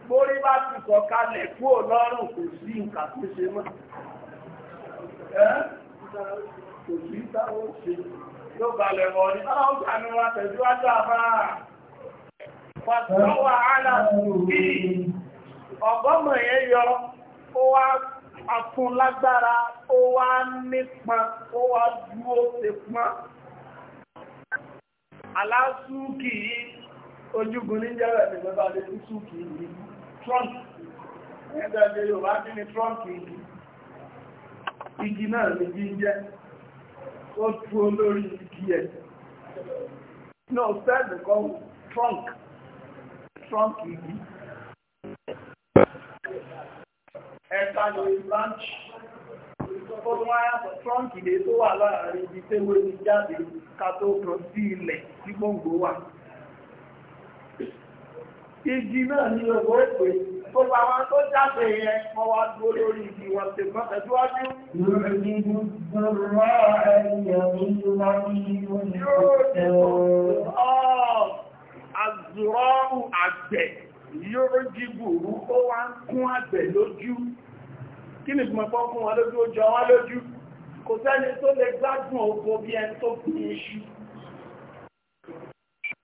borí bá ti sọ̀kalẹ̀ kúrò lọ́rùn kò sí nǹkan tó ṣe mọ́ kò sí táwọn ṣe ló balẹ̀ mọ̀ ní táwọn ṣàánú wa tẹ̀síwájú àbára pàtàkì aláàbí ọgọ́mọ̀ yẹn yọ ó wá afún lágbára ó wá nípa ó wá dúró ṣe trunk, ẹgbẹ́ ilẹ̀ Yorùbá kí ni trọ́ǹkì igi náà lè jí jẹ́ ó dúró lórí igi ẹ̀ no sẹ́ẹ̀lì kan trunk trunk igi ẹ̀ka lórí branch ó tún wáyà sọ trunk ilé tó wà láàrin ibi tẹ́wé ní jáde ká tó sí ilẹ̀ tí gbòǹgbò wà igi náà ní ọwọ́ ìpè gbogbo àwọn tó jáde yẹn wọ́n wá dúró lórí igi wọn ti mọ́ tẹ̀síwájú. Àzùrọ́rù àgbẹ̀ yóò jí gbùrú ó wá ń kún àgbẹ̀ lójú. Kí ni ìgbìmọ̀ pọ́ fún wọn lójú ó jọ wọn lójú? Kò sẹ́ni tó lè gbádùn oko bí ẹni tó fi iṣu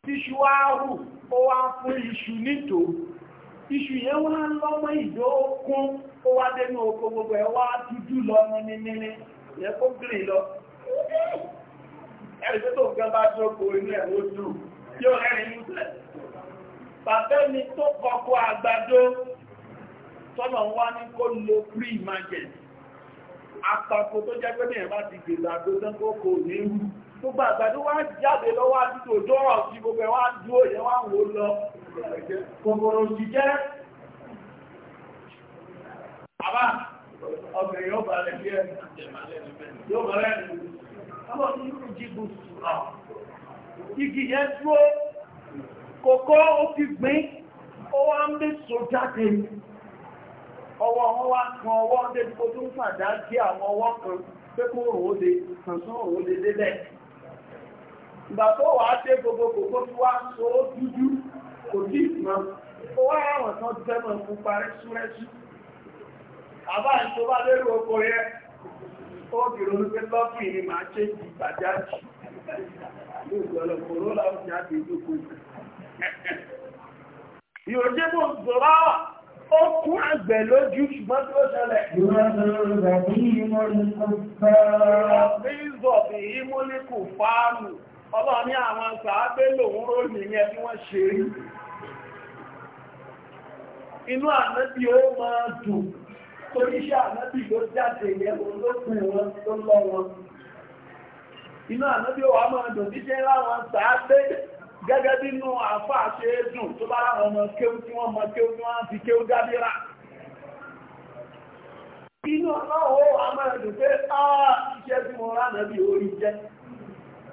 tíṣù áhù ó wá fún iṣu nítò iṣu yẹn wá lọ́mọ ìdó kún ó wá dénú oko gbogbo ẹ̀ wá dúdú lọ níníní yẹ kó gírì lọ ẹ̀rí tó tó gẹ́gbà jókòó inú ẹ̀ ó dùn tí ó rẹ́rìn músẹ̀ bàbá mi tó kọ́kọ́ àgbàdo tọ́nà wá ní kó lo pre-emergent àpapọ̀ tó jẹ́ pé mi ẹ̀ bá ti gbèsè àgbóṣán kó kò ní rú gbogbo àgbàdo wá jáde lọ́wọ́ àdúgbò ọjọ́ ọ̀sí gbogbo ẹ̀wà dúó yẹn wá wò lọ kòkòrò jíjẹ́ àbá ọ̀gbẹ̀ yóò bá rẹ̀ bí ẹ̀ yóò bá rẹ̀ ọmọ ní ìlú jígbù sùrọ̀ igi yẹn dúó kòkó ó fi gbìn ó wá ń bí so ọwọ́ wọn wá kan ọwọ́ débi tó ń fàdá sí àwọn ọwọ́ kan pé òun lè kàn sán òun lè débẹ̀ ìgbà tó wà á ṣe gbogbo kòkó tí wá so ó dúdú kò ní ìmọ̀ ó wá àwọn kan tẹ́ mọ̀ fún parí súrẹ́sù àbá ìṣó bá lérò oko yẹ ó dìrò ní pé lọ́pìn ni màá ṣe di bàjáàjì ní ìgbọ̀lọ̀ kòró làwọn ti á ti dúkú ìròjẹ́ bò ń zọ̀rọ̀ àwà ó kún àgbẹ̀ lójú ṣùgbọ́n tí ó ṣẹlẹ̀. Ìrọ̀lẹ́ ọlọ́run ní àwọn sàábé lòun ró nìyẹn bí wọ́n ṣe rí inú ànábì ó máa dùn torí iṣẹ́ ànábì ló jáde yẹn olókùn wọn tó lọ wọn inú ànábì ó wà máa dùn jíjẹ́ láwọn sàábé gẹ́gẹ́ bí inú àfà ṣe é dùn tó bá láwọn ọmọ kéwú tí wọ́n mọ kéwú tí wọ́n fi kéwú dábírà inú ọlọ́wọ́ àmọ́ ẹ̀dùn pé áà ah, iṣẹ́ tí mo rán ànábì ó jẹ́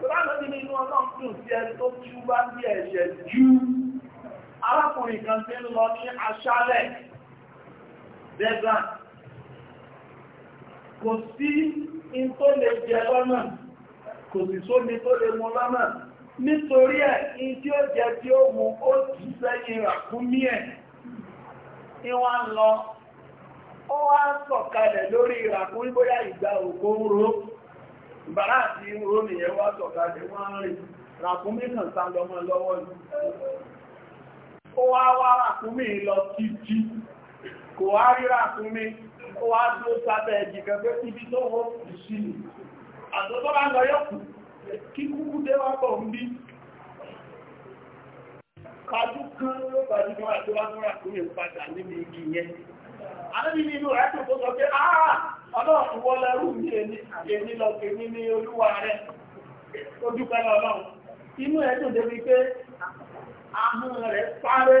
Kùránù ti ní inú ọlọ́run dùn sí ẹni tó tú bá bí ẹ̀ṣẹ̀ jú. Arákùnrin kan ti ń lọ ní aṣálẹ̀ Desert. Kò sí in tó lè jẹ lọ́nà, kò sì sómi tó lè mu lọ́nà. Nítorí ẹ̀, in tí ó jẹ tí ó mu ó jù sẹ́yìn ràkúnmí ẹ̀. Ìwà lọ, ó wá sọ̀kalẹ̀ lórí ìràkúnmí bóyá ìgbà òkú ń bàrá àti irú nìyẹn wá sọ̀kalẹ̀ wọ́n rìn ràkúnmí sá lọ́mọ lọ́wọ́ ni ó wá wá ràkúnmí lọ títí kò wá rí ó wá tó ibi tó wọ́n fi sí ni àtọ́tọ́ bá lọ kí kúkú dé wá ń bí kájú ló bàjú àdébí ní inú rẹ̀ tó sọ pé áà ah, ọlọ́run wọ lẹ́rù mi èmi lọ kèmí ní olúwa rẹ̀ ó dúpẹ́ lọ́lọ́run inú ẹ̀ dùn débi pé ahọ́n rẹ̀ sáré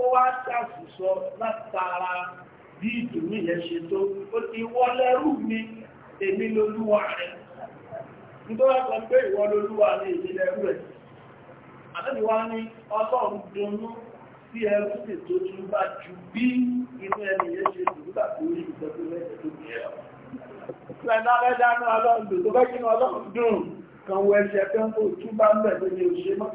ó wá ṣàṣùsọ látara bí ìdùnnú yẹn ṣe tó ó ti wọ lẹ́rù mi èmi lolúwa rẹ̀ nítorí kan pé ìwọ lolúwa ní rẹ̀ wá ní ọlọ́run dunnú tí ẹrú lè tó tún bá ju bí inú ẹni yẹn ṣe dùn nígbà tó rí ìtọ́jú lẹ́yìn tó bí ẹ̀rọ. Ṣẹ̀dá lẹ́dá ní ọlọ́run dùn tó fẹ́ kí ní ọlọ́run dùn kan wọ ẹsẹ̀ kan kó tún bá ń bẹ̀ tó ní òṣè mọ́.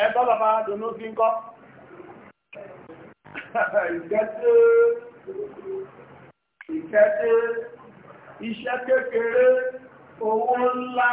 Ẹ bọ́lọ̀ máa dùnú fi ń kọ́. Ìkẹ́tẹ́ ìkẹ́tẹ́ iṣẹ́ kékeré owó ńlá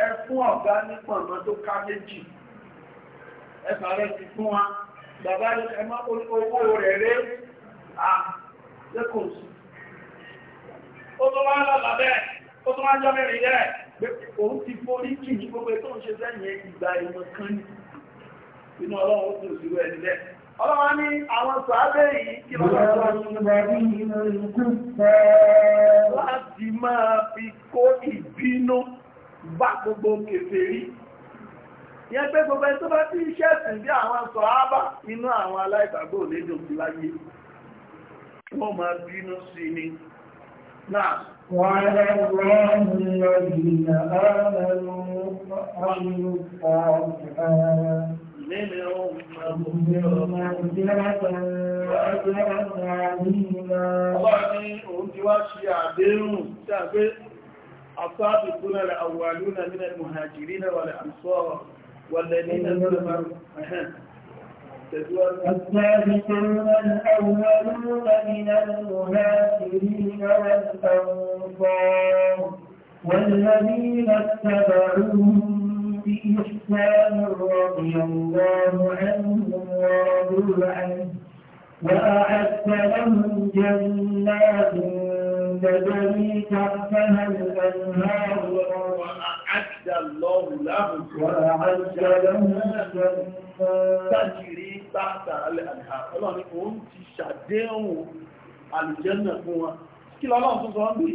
ẹ fún ọ̀gá ní pọ̀nà tó ká méjì ẹ sàárẹ̀ ti fún wa bàbá ẹ má owó rẹ̀ rẹ̀ à lẹ́kọ̀ọ́ sí ó tó wá lọ bàbẹ́ ó tó wá jọ mẹ́rin yẹ́ òun ti forí jì ní gbogbo tó ń ṣe sẹ́yìn ìgbà ìmọ̀ kan ní inú ọlọ́run ọlọ́wọ́ ní àwọn sàábẹ̀ yìí kí lọ́wọ́ láti máa fi kó ìbínú bá gbogbo kèfèrí yẹn pé gbogbo ẹni tó bá ti iṣẹ́ sìn bí àwọn sọ̀hábà inú àwọn aláìgbàgbọ́ òlédò sí láyé wọ́n máa bínú sí ni náà òun ti wá ṣe àdéhùn tí a gbé السابقون الأولون من المهاجرين والأنصار والذين اتبعوا السابقون الأولون من المهاجرين والأنصار والذين اتبعوهم بإحسان رضي الله عنهم ورضوا عنه وأعد لهم جنات تدري تحتها الأنهار وأعد الله لهم وأعد لهم تجري تحتها الأنهار ọlọ́run ni òun ti ṣàdéhùn àlùjẹ́nà fún wa kí lọ́lọ́run tó sọ ń bí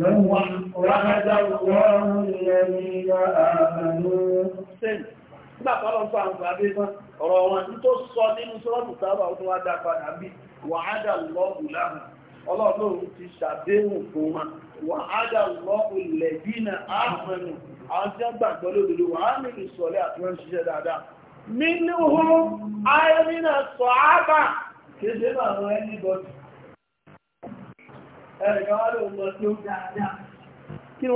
lọ́wọ́n ránájá wọ́n lẹ́yìn ọ̀rọ̀ wọn tó sọ nínú sọ́rọ̀tù sábà ó bí wàhádà lọ́wọ́ láàrín ọlọ́run ti ṣàdéhùn fún wa wà ádà lọ ilẹ̀ dínà áàmẹ́nu àwọn tí ó gbàgbọ́ wà á àti wọ́n ṣiṣẹ́ dáadáa nínú ohun sọ ábà kéde máa ẹni bọ́dì kèé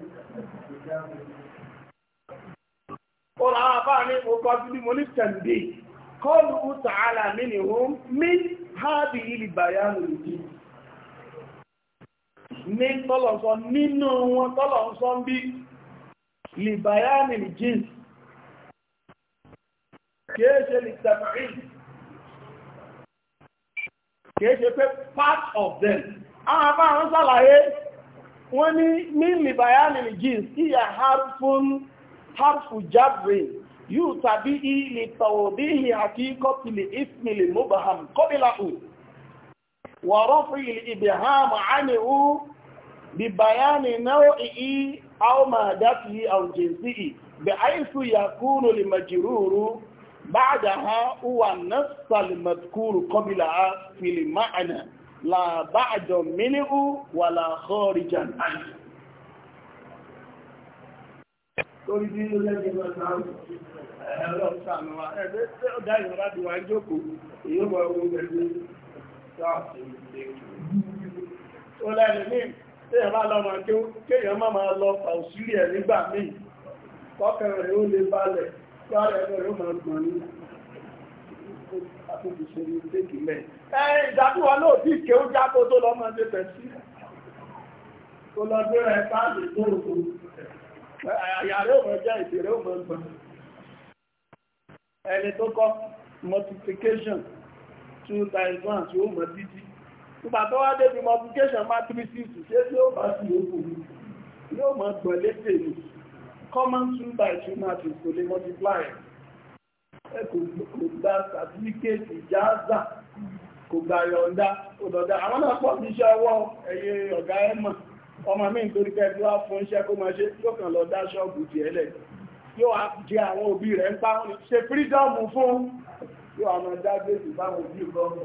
ni ó ra wá bá ní ọkọ̀ abúlé mo ní tẹ̀lé kọlu utàhálà mi ni ó mi hábì ilì bàyá lòdì ní tọ́lọ̀sọ nínú wọn tọ́lọ̀sọ ń bí lè bàyá nìlì jíns kìí ṣe pé part of them àwọn àbá àwọn sàlàyé wọ́n ní mí lè bàyá nìlì jíns harfu jabri yóò tàbí ilé tawbihi àti kọ́pìlì ismili mubaham kọ́bìlàhù wọ̀rọ̀ fún ilé ibiham ánìhù bí bayani nau'i aw madatihi aw jinsihi بحيث يكون المجرور بعدها هو النص المذكور قبلها في المعنى لا بعد منه ولا خارجا عنه torí bí ó lẹ́gbẹ̀ẹ́ máa ta ẹ̀rọ sàmì wa ẹgbẹ́ tí ó dá ìrọ̀lá bí wà ń jókòó èyí wọ owó ẹgbẹ́ sáàsì ó lẹ́nu ní téèyàn bá lọ́mọ kí kéèyàn má máa lọ fà òsírí ẹ̀ nígbà míì kọ́kàn rẹ̀ ó lè balẹ̀ kí ara ẹ̀rọ rẹ̀ ó máa gbọ̀n ní àtúntò ní tẹ́kì mẹ́. ẹ ìdàkùnwọ́ náà bí ìké ó já tó lọ́mọ ṣe tẹ̀ sí. kó lọ gbé àyàrá òmò jẹ́ ìbèrè òmò ń gbọ́n ẹni tó kọ́ multiplication two times one tí ó mọ̀ títí nígbà tó wá débi multiplication matrices ṣé tí ó bá sí òkú yóò mọ̀ gbọ̀n létè common two by two matrix kò lè multiply ẹ kò gba certificate jáàzà kò gba yọ̀ǹda òdọ̀dà àwọn náà pọ̀ níṣẹ́ ọwọ́ ẹ̀yẹ ọ̀gá ẹ̀mọ̀ ọmọ mi nítorí pẹ́ẹ́tù wá fún iṣẹ́ kó máa ṣe yóò kàn lọ dá ṣọ́ọ̀bù tiẹ̀ lẹ̀ yóò jẹ àwọn òbí rẹ̀ ń pa wọn ṣe fírídọ́ọ̀mù fún yóò àwọn dá gbèsè báwọn òbí rọ́ọ̀mù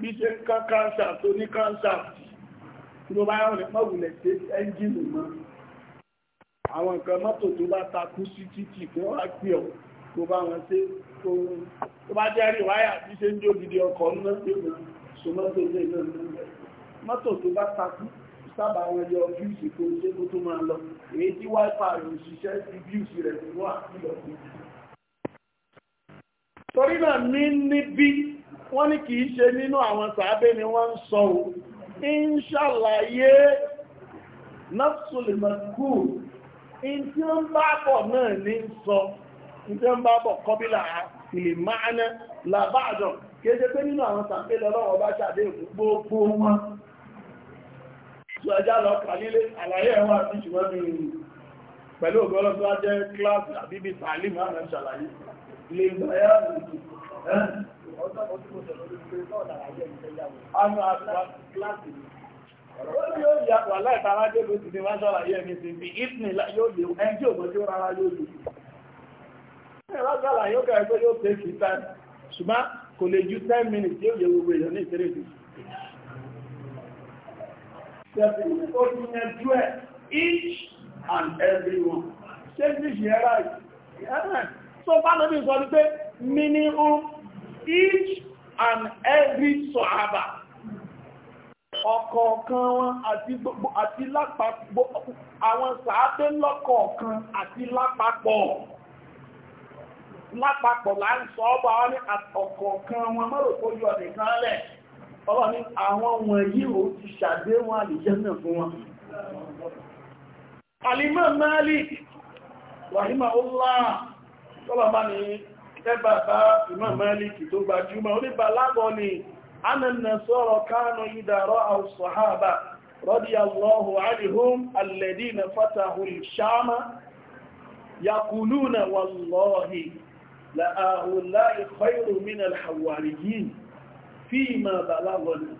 bí ṣe ń kán káńsà tó ní káńsà ló bá yọ̀ nípa wùlẹ̀ tẹ́ ẹ́ńjìnì mọ́ àwọn nǹkan mọ́tò tó bá takú sí títì kí wọ́n á pè ọ́ tó bá wọn ṣe tó bá jẹ́ rí wáyà bí ṣe ń jó gidi ọkọ̀ ń náà mọ́tò tó bá takú sábà wọn yọ fíùsì kó ṣe kó tó máa lọ èyí tí wáìpà rẹ̀ òṣìṣẹ́ ti fíùsì rẹ̀ fún wà nílọ sí. torí náà ní níbí wọ́n ní kìí ṣe nínú àwọn sàábé ni wọ́n ń sọ o ń ṣàlàyé nafsulimakú in tí ó ń bá náà ní sọ in tí ó ń bá bọ̀ kọbílà ìlìmáàná làbáàdàn kéje pé nínú àwọn sàábé lọ́wọ́ bá ṣàdé gbogbo wọn tó ẹjá lọ kàlílé àlàyé ẹ̀wọ̀n àti ṣùgbọ́n mi pẹ̀lú ògbọ́lọ́ tó jẹ́ kíláàsì àbíbí tààlìmù àrẹ ṣàlàyé lè báyá Wọ́n yóò yàtọ̀ aláìtara jẹ́ ló ti ní wá ṣàlàyé ẹni ti fi ìtìnìlá yóò lè ẹni tí ò mọ́ tí ó rárá yóò lè. Ẹ̀rọ ṣàlàyé ó kẹ́ẹ̀ẹ́ pé yóò tẹ́ kìí tán, ṣùgbọ́n kò lè ju 10 minutes yóò yẹ gbogbo èèyàn ní ìṣẹ́rẹ́ ìdíjì seven ó ti yanjú ẹ̀ each and every one ṣé ní ṣe ẹ̀rá ìyẹ́rẹ́ so fánàbí sọ ní pé minimum each and every sọ̀hábà ọ̀kọ̀ọ̀kan wọn àti lápapọ̀ àwọn sàábé lọ́kọ̀ọ̀kan àti lápapọ̀ lápapọ̀ là ń sọ ọ́ bá wọn ní ọ̀kọ̀ọ̀kan wọn mọ́rò kójú ọ̀nìkan lẹ̀ ọlọ́ ní àwọn wọ̀nyí ò ti ṣàdéhùn àlìjẹ́nà fún wọn alìmọ́ Malik wàhímà ọlá tọ́lọ̀bá ní ẹbàbá ìmọ̀ Malik tó gbajúmọ̀ oníbà lágọ́ ni anànà sọ́rọ̀ kánú ìdàrọ́ àwọ̀sọ̀hábà radiyallahu anhum alladhina fatahu al-shama yaquluna wallahi la فيما بلغنا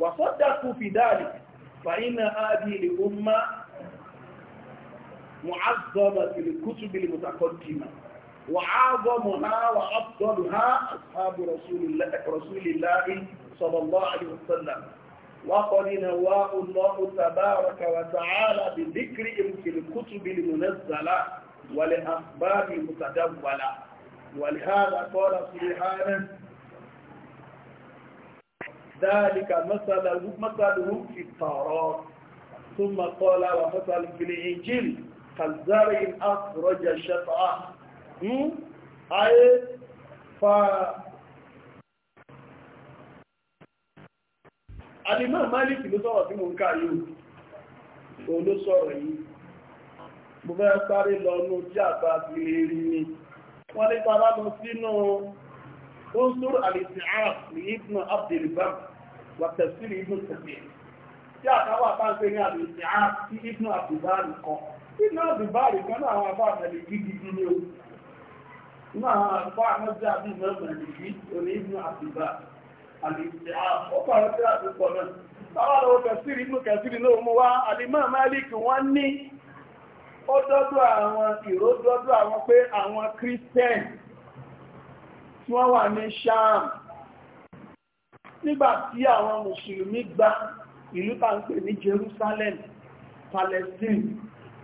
وصدقوا في ذلك فإن هذه الأمة معظمة في الكتب المتقدمة وعظمها وأفضلها أصحاب رسول الله رسول الله صلى الله عليه وسلم وقد نواه الله تبارك وتعالى بذكرهم في الكتب المنزلة والأخبار المتدولة ولهذا قال سبحانه ذلك مثله مثله في التوراة ثم قال ومثل في الإنجيل كالزرع أخرج شطأه أي ف Àdìmọ́ Málìkì ló sọ̀rọ̀ tí mo ń ká yóò, òun ló sọ̀rọ̀ yìí. Mo fẹ́ sáré lọ ní ojú àgbà ti rí ní. Wọ́n ní tàbá lọ sínú انظر الاستيعاب لابن عبد البر وتفسير ابن كثير tí àtàwọn àtàǹpé ní àbẹ̀sẹ̀ á sí ibnu abdulbari kan ibnu abdulbari kan náà àwọn ní àwọn àbá àmọ́jẹ́ àbí mẹ́mẹ́lẹ̀ yìí àwọn kẹsìrì náà mú ó àwọn àwọn pé àwọn kírísítẹ́nì tí wọ́n wà ní sham nígbà tí àwọn mùsùlùmí gba ìlú tàǹpẹ̀ ní Jerusalem Palestine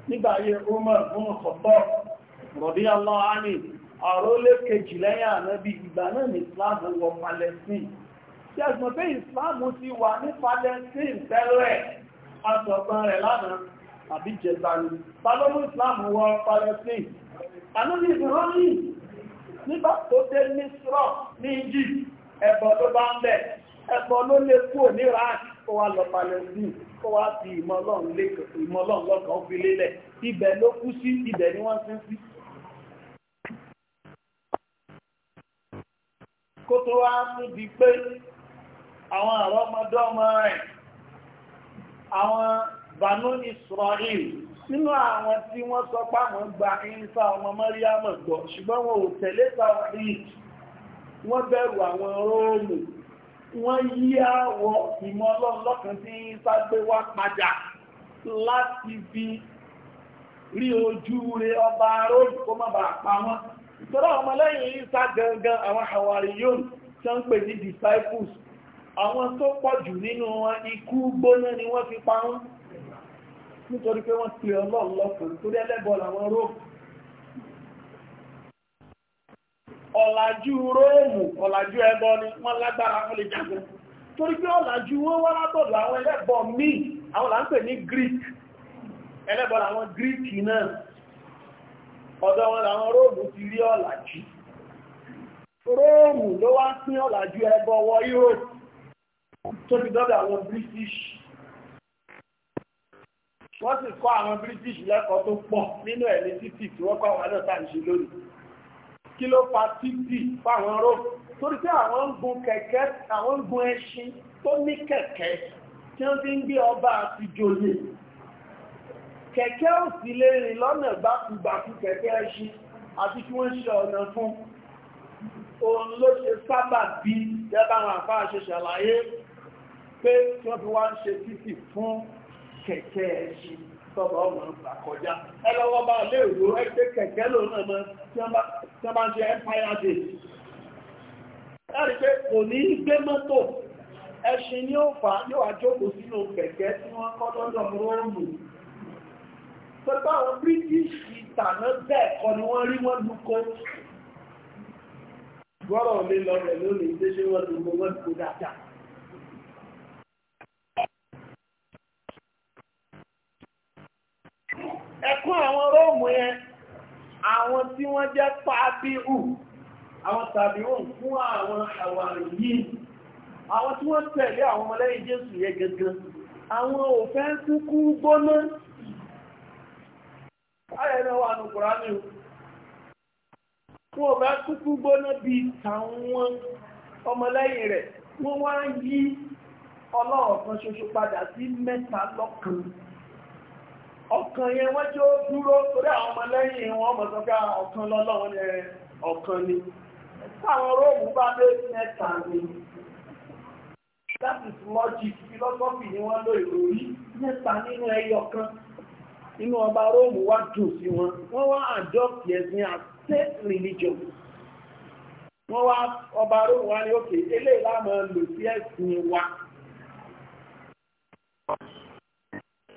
nígbà ayé Umar bin Khattab radiyallahu anhu àrólé kejì lẹ́yìn ànábì ìgbà náà ní Islam wọ Palestine tí ẹgbọ́n pé Islam ti wà ní Palestine tẹ́lẹ̀ asọ̀gbọ́n rẹ̀ lánàá àbí jẹta ni ta Islam wọ Palestine nígbà tó dé Mísírọ̀ ní ìjì ẹbọ ló bá ń bẹ̀ ẹbọ ló lè kúrò ní Iraq kó wá lọ Palestine kó wá fi ìmọ̀ Ọlọ́run lọ́kàn fi lélẹ̀ ibẹ̀ ló kú sí ibẹ̀ ni wọ́n sin sí. kó tó wá níbi pé àwọn àrọ́mọdọ́mọ rẹ̀ àwọn Banu Israel nínú àwọn tí wọ́n sọ páwọn gba ìsá ọmọ mọ́ríámọ̀ gbọ́ ṣùgbọ́n wọn ò tẹ̀lé tawhid wọ́n bẹ̀rù àwọn róòmù wọ́n yí àwọ̀ ìmọ̀ ọlọ́run lọ́kàn tí ìsá gbé wá padà láti fi rí ojú rẹ̀ ọba róòmù kó má bàa pa wọ́n ìtọ́rọ̀ ọmọlẹ́yìn ìsá gangan àwọn àwárí yóò tí pè ní disciples àwọn tó pọ̀ jù nínú wọn ikú gbóná ni wọ́n fi pa wọ́n nítorí pé wọ́n ti ọlọ́run lọ́kùnrin torí ẹlẹ́bọ̀ làwọn róòmù ọ̀làjú róòmù ọ̀làjú ẹbọ ni wọ́n lágbára wọ́n lè jagun torí pé ọ̀làjú wọ́n wá látọ̀dọ̀ àwọn ẹlẹ́bọ̀ míì àwọn là ń ní Greek ẹlẹ́bọ̀ làwọn Greek náà ọ̀dọ̀ wọn làwọn róòmù ti rí ọ̀làjú róòmù ló wá pín ọ̀làjú ẹbọ wọ Europe tó fi dọ́dọ̀ àwọn British wọ́n sì kọ́ àwọn British lẹ́kọ̀ọ́ tó pọ̀ nínú ẹ̀ ní títì tí wọ́n kọ́ àwọn alẹ́ta ń ṣe lónìí kí ló fa títì fáwọn ró torí pé àwọn ń gun kẹ̀kẹ́ àwọn ń gun ẹṣin tó ní kẹ̀kẹ́ tí wọ́n ti ń gbé ọba àti joyè kẹ̀kẹ́ ò sì lè rìn lọ́nà gbákùgbàkù kẹ̀kẹ́ ẹṣin àti kí wọ́n ṣe ọ̀nà fún òun ló ṣe sábà bí jẹ́ báwọn àfáà ṣe ṣàlàyé pé tí wọ́n fi wá ń ṣe títì fún kẹ̀kẹ́ ẹṣin tọ́bà ọmọ ìgbà kọjá ẹlọ́wọ́ bá lé òwò ẹgbẹ́ kẹ̀kẹ́ lòun náà mọ́ tí wọ́n bá ń empire day láti pé kò ní gbé mọ́tò ẹṣin ni ó fà yóò àjókòó sínú kẹ̀kẹ́ tí wọ́n kọ́ lọ́dọ̀ róòmù pẹ̀lú àwọn british ìtànà bẹ́ẹ̀ kọ́ ni wọ́n rí wọ́n lukó gbọ́rọ̀ mi lọ rẹ̀ lónìí ẹkún àwọn róòmù yẹn àwọn tí wọ́n jẹ́ pàábíhù àwọn tàbíhùn fún àwọn àwàrí yìí àwọn tí wọ́n tẹ̀lé àwọn ọmọlẹ́yìn Jésù yẹ gẹ́gẹ́ àwọn ò fẹ́ kúkú gbóná ayẹ̀nà wà ní Kùránì wọn ò kúkú gbóná bí tàwọn ọmọlẹ́yìn rẹ̀ wọ́n wá yí Ọlọ́run ṣoṣo padà sí mẹ́ta lọ́kan ọkàn yẹn wọ́n tí ó dúró torí àwọn ọmọ lẹ́yìn wọn ọmọ sọ́gá ọ̀kan lọ́lọ́wọ́n ní ọ̀kan ni táwọn róòmù bá dé mẹ́ta ni that is logic philosophy ni wọ́n lò ìròrí mẹ́ta nínú ẹyọ kan inú ọba róòmù wá dùn sí wọn wọ́n wá adopt ẹ̀sìn as state religion wọ́n wá ọba róòmù wá ní òkè eléyìí láàmú lò sí ẹ̀sìn wa.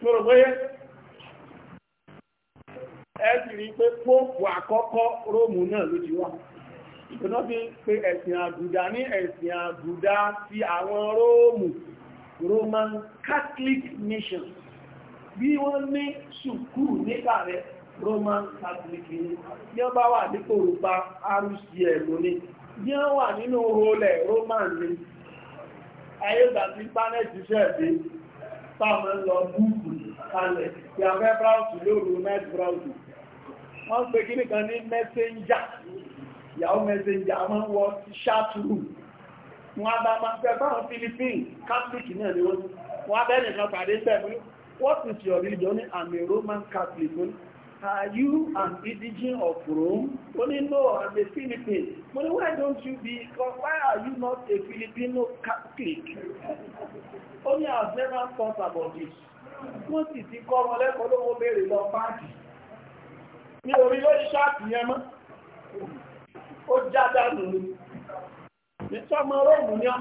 Mo rò ẹ̀sì rí pé pópù àkọ́kọ́ róòmù náà ló ti wà ìgbóná bí pé ẹ̀sìn àgùdá ní ẹ̀sìn àgùdá ti àwọn róòmù Roman Catholic mission bí wọ́n ní sùkúù nípa rẹ̀ Roman Catholic ni. bí wọ́n bá wà nípò rúpa rcl ní bí wọ́n wà nínú rolẹ̀ Roman ni. ayébà tí pánẹ́tì ṣẹ̀dé táwọn lọ búùkù kalẹ̀ tí a fẹ́ bráùtù lóru night bráùtù wọ́n pè kí nìkan ní mẹ́sẹ́njà yàwó mẹ́sẹ́njà wọ́n wọ ṣáàtùrù wọ́n bá máa pẹ́ báwọn Philippines Catholic náà ni wọ́n wọ́n bẹ́ẹ̀ nìkan pàdé what is your religion I'm a Roman Catholic are you an indigene of Rome? no, I'm a Philippine. But why don't you be, why are you not a Filipino Catholic? Only I've never thought about this. Wọ́n sì ti kọ́ lówó ní orí lórí ṣáàtì yẹn mọ́ ó já dànù ní sọ́mọ róòmù ní ọ́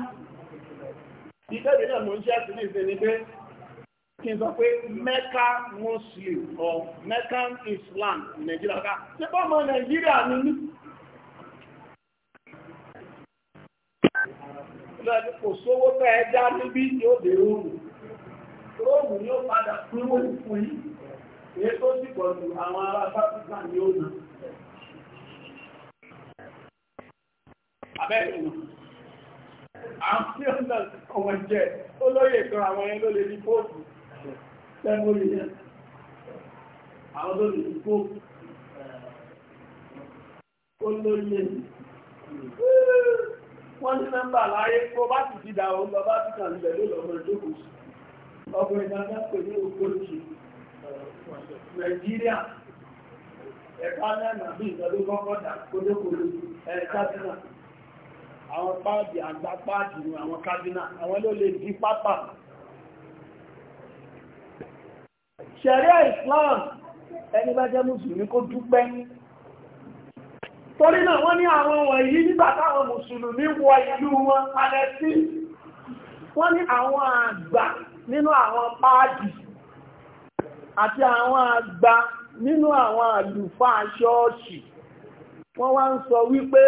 ìtẹ́bí náà ló ń ṣe àti ní ìsinmi pé kí n sọ pé mecca muslim or meccan islam nàìjíríà ká ṣe bọ́ ọmọ nàìjíríà ní ní lọ́dún kò sówó tẹ́ ẹja níbí yóò dé róòmù róòmù yóò padà pínwó ìfún yìí èyí tó sì pọ̀ jù àwọn ará pápítà ní ó nà abẹ́rẹ̀ nù àwọn tí ó nà ọmọ jẹ́ olóyè kan àwọn ẹni ló lè ní fóòtù lẹ́nu orí yẹn àwọn tó lè ní fóòtù olóyè wọ́n ní nọ́mbà láyé kó bá ti ti dà bá ti kàn lẹ̀ lọ́mọ ìjókòó ọkùnrin náà pè ní okòó nàìjíríà ẹ̀kọ́ lẹ́nà bí ìtọ́lú kọ́kọ́dà kódókòdó ẹ̀ kádínà àwọn páàdì àgbà ní àwọn kádínà àwọn ló lè di pápá ṣẹ̀ríà Islam ẹni bá jẹ́ mùsùlùmí kó dúpẹ́ torí náà wọ́n ní àwọn wọ̀nyí nígbà táwọn mùsùlùmí wọ ìlú wọ́n ní àwọn àgbà nínú àwọn páàdì àti àwọn àgbà nínú àwọn àlùfáà ṣọ́ọ̀ṣì wọ́n wá ń sọ wípé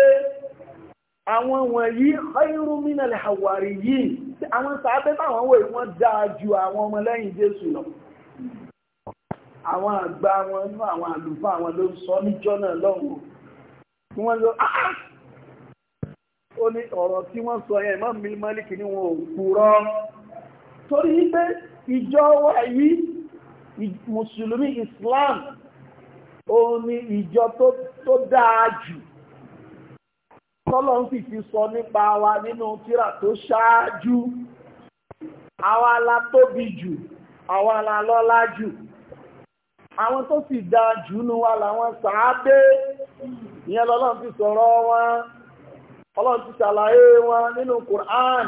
àwọn wọ̀nyí khairu minal hawariyyin àwọn sàábẹ́ táwọn wò wọ́n dáa ju àwọn ọmọlẹ́yìn Jésù lọ àwọn àgbà wọn nínú àwọn àlùfáà wọn ló sọ níjọ́ náà lọ́hùn tí wọ́n lọ ah, ah! ó ní ọ̀rọ̀ tí wọ́n sọ yẹn mọ́ mílímọ́lì kì ní wọn ò kúrọ́ torí pé ìjọ wa yìí mùsùlùmí islam ó ní ìjọ tó dáa jù tọ́lọ́n sì ti sọ nípa wa nínú tírà tó ṣáájú àwa la tóbi jù àwa la lọ́lá jù àwọn tó sì dáa jù nú wa làwọn sàábé ìyẹn lọ́lọ́n ti sọ̀rọ̀ wọn ọlọ́run ti ṣàlàyé wọn nínú Qur'an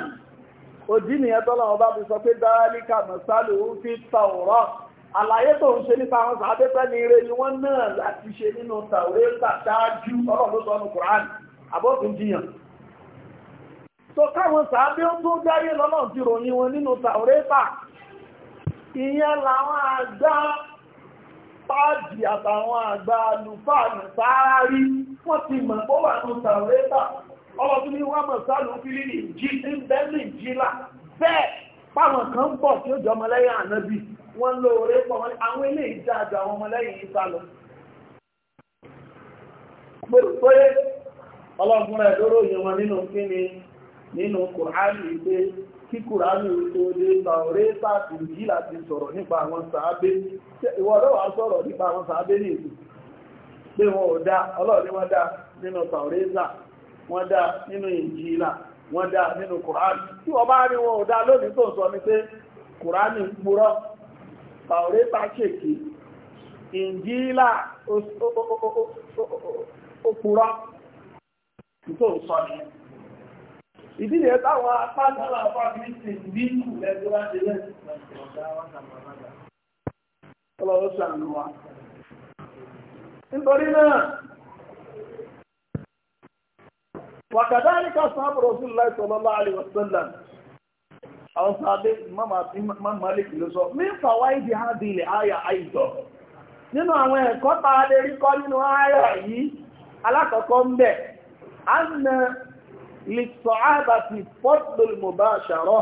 òdí nìyẹn tọ́lọ́run bá fi sọ pé dáálíkà mọ̀sálù fi Tawrah àlàyé tó ń ṣe nípa àwọn sàádẹ́fẹ́ ní ire ni wọ́n náà láti ṣe nínú tàwẹ́ta ṣáájú ọ̀rọ̀ ló sọ ọ́nù Qur'an àbọ́kùn jiyàn tó káwọn sàádẹ́ ó tó dáyé lọ́nà ti ròyìn wọn nínú tàwẹ́ta ìyẹn làwọn àgbà páàdì àtàwọn àgbà alùfáàlù sáárí wọ́n ti mọ̀ ó wà nínú tàwẹ́ta ọlọ́tún ní wọ́n mọ̀ sálù fílì ní ìjì ń bẹ́ẹ̀ ní ìjìlá bẹ́ẹ̀ páwọn kan bọ̀ wọ́n ló oré pọ̀ wọ́n àwọn eléyìí dáadáa àwọn ọmọlẹ́yìn lọ. mo rò pé ọlọ́gbọ́n rẹ̀ lóró yẹn wọn nínú kíni nínú kùránì pé kí kùránì tó dé ta oré sáàtì yìí láti sọ̀rọ̀ nípa àwọn sàábé ìwọ ọlọ́wà sọ̀rọ̀ nípa àwọn sàábé ní ìlú pé wọn ò dá ọlọ́ọ̀ni wọ́n dá nínú tàwọ̀rẹ́sà wọ́n dá nínú ìjìlá wọ́n nínú kùránì tí wọ́n bá rí wọn ò lónìí tàwọ̀rẹ́ bá ṣèké ìjìlá òpùrọ́ tó sọ ní ìdí rẹ̀ táwọn apájọ́lá fàbíṣẹ́ bí kù lẹ́gbẹ́lá jẹ́lẹ́ ọlọ́wọ́ sàánú wa nítorí náà wàkàdá ní ká sáàbùrọ̀ sí àwọn sábẹ́ Imam Malik ló sọ mífà wáyé di ha di ilẹ̀ ayà àìdọ̀ nínú àwọn ẹ̀kọ́ tá a lè rí kọ́ nínú ayà yìí alákọ̀ọ́kọ́ ń bẹ̀ anna lis-sa'abati fadlul mubashara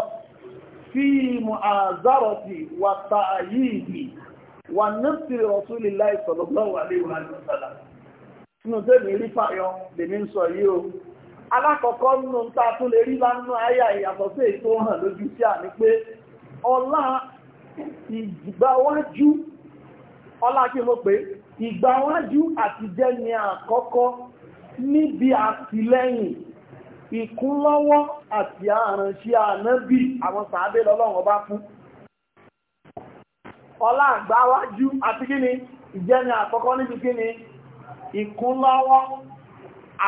fi mu'azarati wa ta'yidi wa nafsi rasulillahi sallallahu alaihi alákọ̀ọ́kọ́ nínú ta tún lè rí lánú àyà ìyàtọ̀ sí èyí hàn lójú sí à ní pé ọlá ìgbàwájú ọlá kí mo pé ìgbàwájú àti jẹ́ ni àkọ́kọ́ níbi àtìlẹ́yìn ìkúnlọ́wọ́ àti àrànṣẹ́ ànábì àwọn sàábé lọ́lọ́wọ́ bá fún ọlá àgbáwájú àti kíni ìjẹ́ni àkọ́kọ́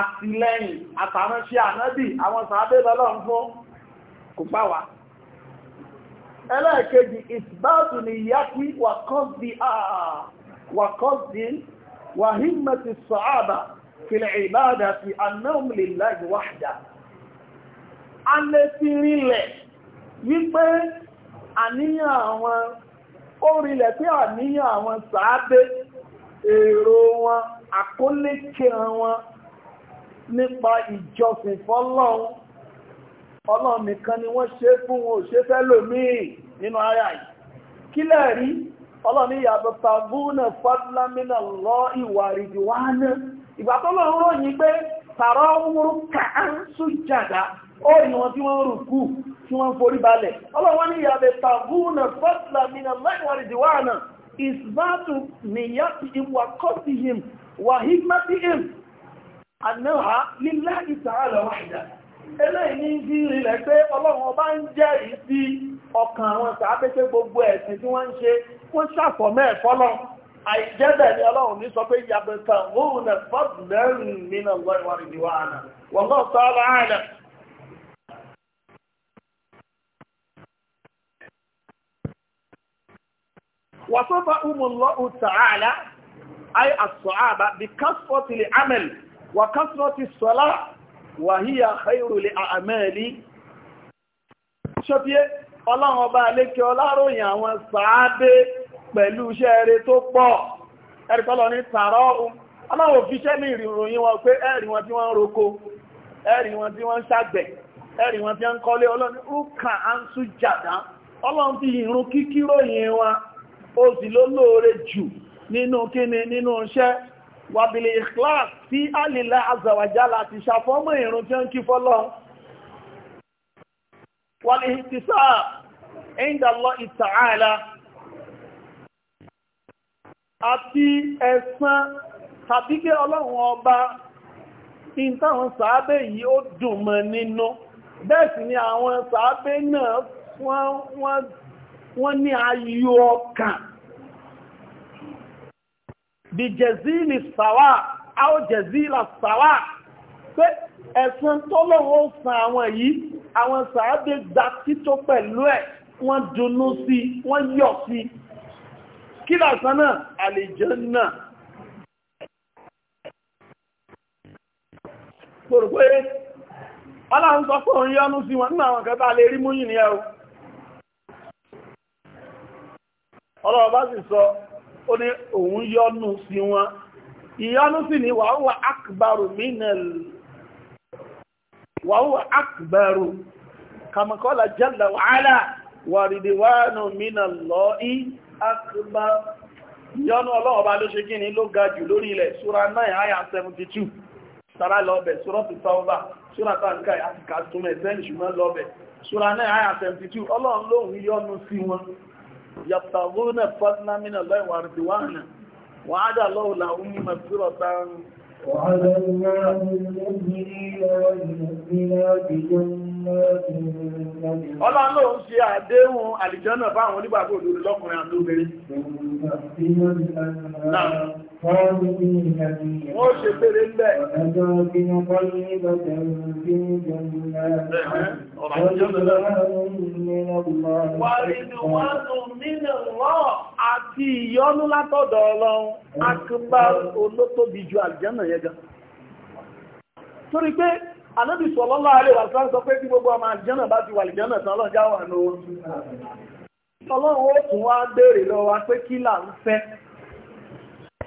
àtìlẹ́yìn àtàránṣẹ́ ànábì àwọn sàábé lọ́lọ́run fún kò bá wa ẹlẹ́ẹ̀kejì ìsbáàtù ni yákí wàkọ́sí wàhímẹ̀tì sọ̀ábà fìlẹ̀ ìbáàdà sí annáhùnlélẹ́gbì wáhdà a lè fi rílẹ̀ wípé àníyàn àwọn ó rílẹ̀ pé àníyàn àwọn sàábé èrò wọn àkólékè wọn nípa ìjọsìn fọ́lọ́run ọlọ́run nìkan ni wọ́n ṣe fún wọn ò ṣe fẹ́ lòmíì nínú ara yìí kí lẹ́rí ọlọ́run ní yàtọ̀ tàbúnà fadlamina lọ ìwà rìdìwánà ìgbà tó lọ ròyìn pé tààrọ wúrú kàá sùjàdá ó rí wọn tí wọ́n rùkú tí wọ́n forí balẹ̀ ọlọ́run ní yàtọ̀ tàbúnà fadlamina lọ ànáhà lillahi ta'ala wahda eléyìí ní bí rilẹ̀ pé ọlọ́run ọba ń jẹ́rìí sí ọkàn àwọn sàábẹ́sẹ́ gbogbo ẹ̀sìn tí wọ́n ń ṣe wọ́n ṣàfọ̀mẹ́ ẹ̀fọ́lọ́ àìjẹ́bẹ̀ ni ọlọ́run ní sọ pé yàbẹ̀tà òun nà fọ́dùlẹ́rùn nínú ọgbọ́n ìwà ìdíwà àná wọ́n náà sọ ọ́ láàrín وصفهم الله تعالى أي الصعابة بكثرة العمل wàkásírọ́tì sọ́lá wàhíyà khairul a'mali ṣọ́tíé ọlọ́run ọba alékẹ́ ọláròyìn àwọn sàádé pẹ̀lú iṣẹ́ ere tó pọ̀ ẹ̀rìkọ́lọ́ ní tààrọ́ ohun aláwọ̀ fi iṣẹ́ ní ìròyìn wọn pé ẹ̀rì wọn tí wọ́n ń roko ẹ̀rì wọn tí wọ́n ń ṣàgbẹ̀ ẹ̀rì wọn tí wọ́n ń kọ́lé ọlọ́run rúkà wàbìlì ìkláàs tí alìlà azàwàjálà ti ṣàfọ́mọ̀ ìrun tí ó ń kí fọ́lọ́run wàlì ìtìsá ẹ̀yìndàlọ́ ìtààlà àti ẹ̀san tàbí ọlọ́run ọba tí ń yìí ó dùn nínú bẹ́ẹ̀ sì ni àwọn sàábé náà wọ́n ní ayọ̀ ọkàn bí jẹ̀zílì sàwà áó jẹ̀zílà sàwà pé ẹ̀sùn tó lọ́wọ́ san àwọn yìí àwọn sàábé gba tító pẹ̀lú ẹ̀ wọ́n dunnú sí wọ́n yọ̀ sí kí lásán náà àlùjánnà gbòrògbé ọlọ́run sọ pé òun yọ́nú sí wọn nínú àwọn kan lè rí múyìn ní ẹ̀ ó ní òun yọ́nú sí wọn ìyọ́nú sí ni wàá wà akbaru minal wàá wà akbaru kàmàkọ́lá jalla wa ala wà ridwanu minallahi akbar ìyọ́nú ọlọ́run ọba ló ṣe kí ni ló ga jù lórí ilẹ̀ súra 9 àyà 72 sára lọ́ọ̀bẹ̀ súra ti tọ́ọ̀bà súra tàǹkà àti kàtúmẹ̀ sẹ́yìn ṣùgbọ́n lọ́ọ̀bẹ̀ súra 9 àyà 72 ọlọ́run lóhun yọ́nú sí wọn yàtàgónà fọ́nàmínà lọ́wọ́ àrùdíwánà wọ́n á dà lọ́wọ́ làwọn mímọ̀ sírọ̀ tán وعلى الله المؤمنين والمؤمنات جنات Ọlọ́run ló ń ṣe àdéhùn Wọ́n ṣe péré lẹ̀. Ọjọ́ bí wọ́n kọ́ ní ìbọ̀tẹ̀ bí jẹun náà. Ọjọ́ bí wọ́n kọ́ ní ìbọ̀tẹ̀. Wà rí ni wọ́n nù nínú wọ́n àti ìyọ́nú látọ̀dọ̀ ọlọ́run, akíbá olótóbi ju àlìjánà yẹn gan. Torí pé Ànábì sallallahu alaihi wasallam sọ pé bí gbogbo ọmọ àjẹ́nà bá ti wà lìjẹ́nà tán lọ́jà wà lóòrùn. Ọlọ́run ó tún wá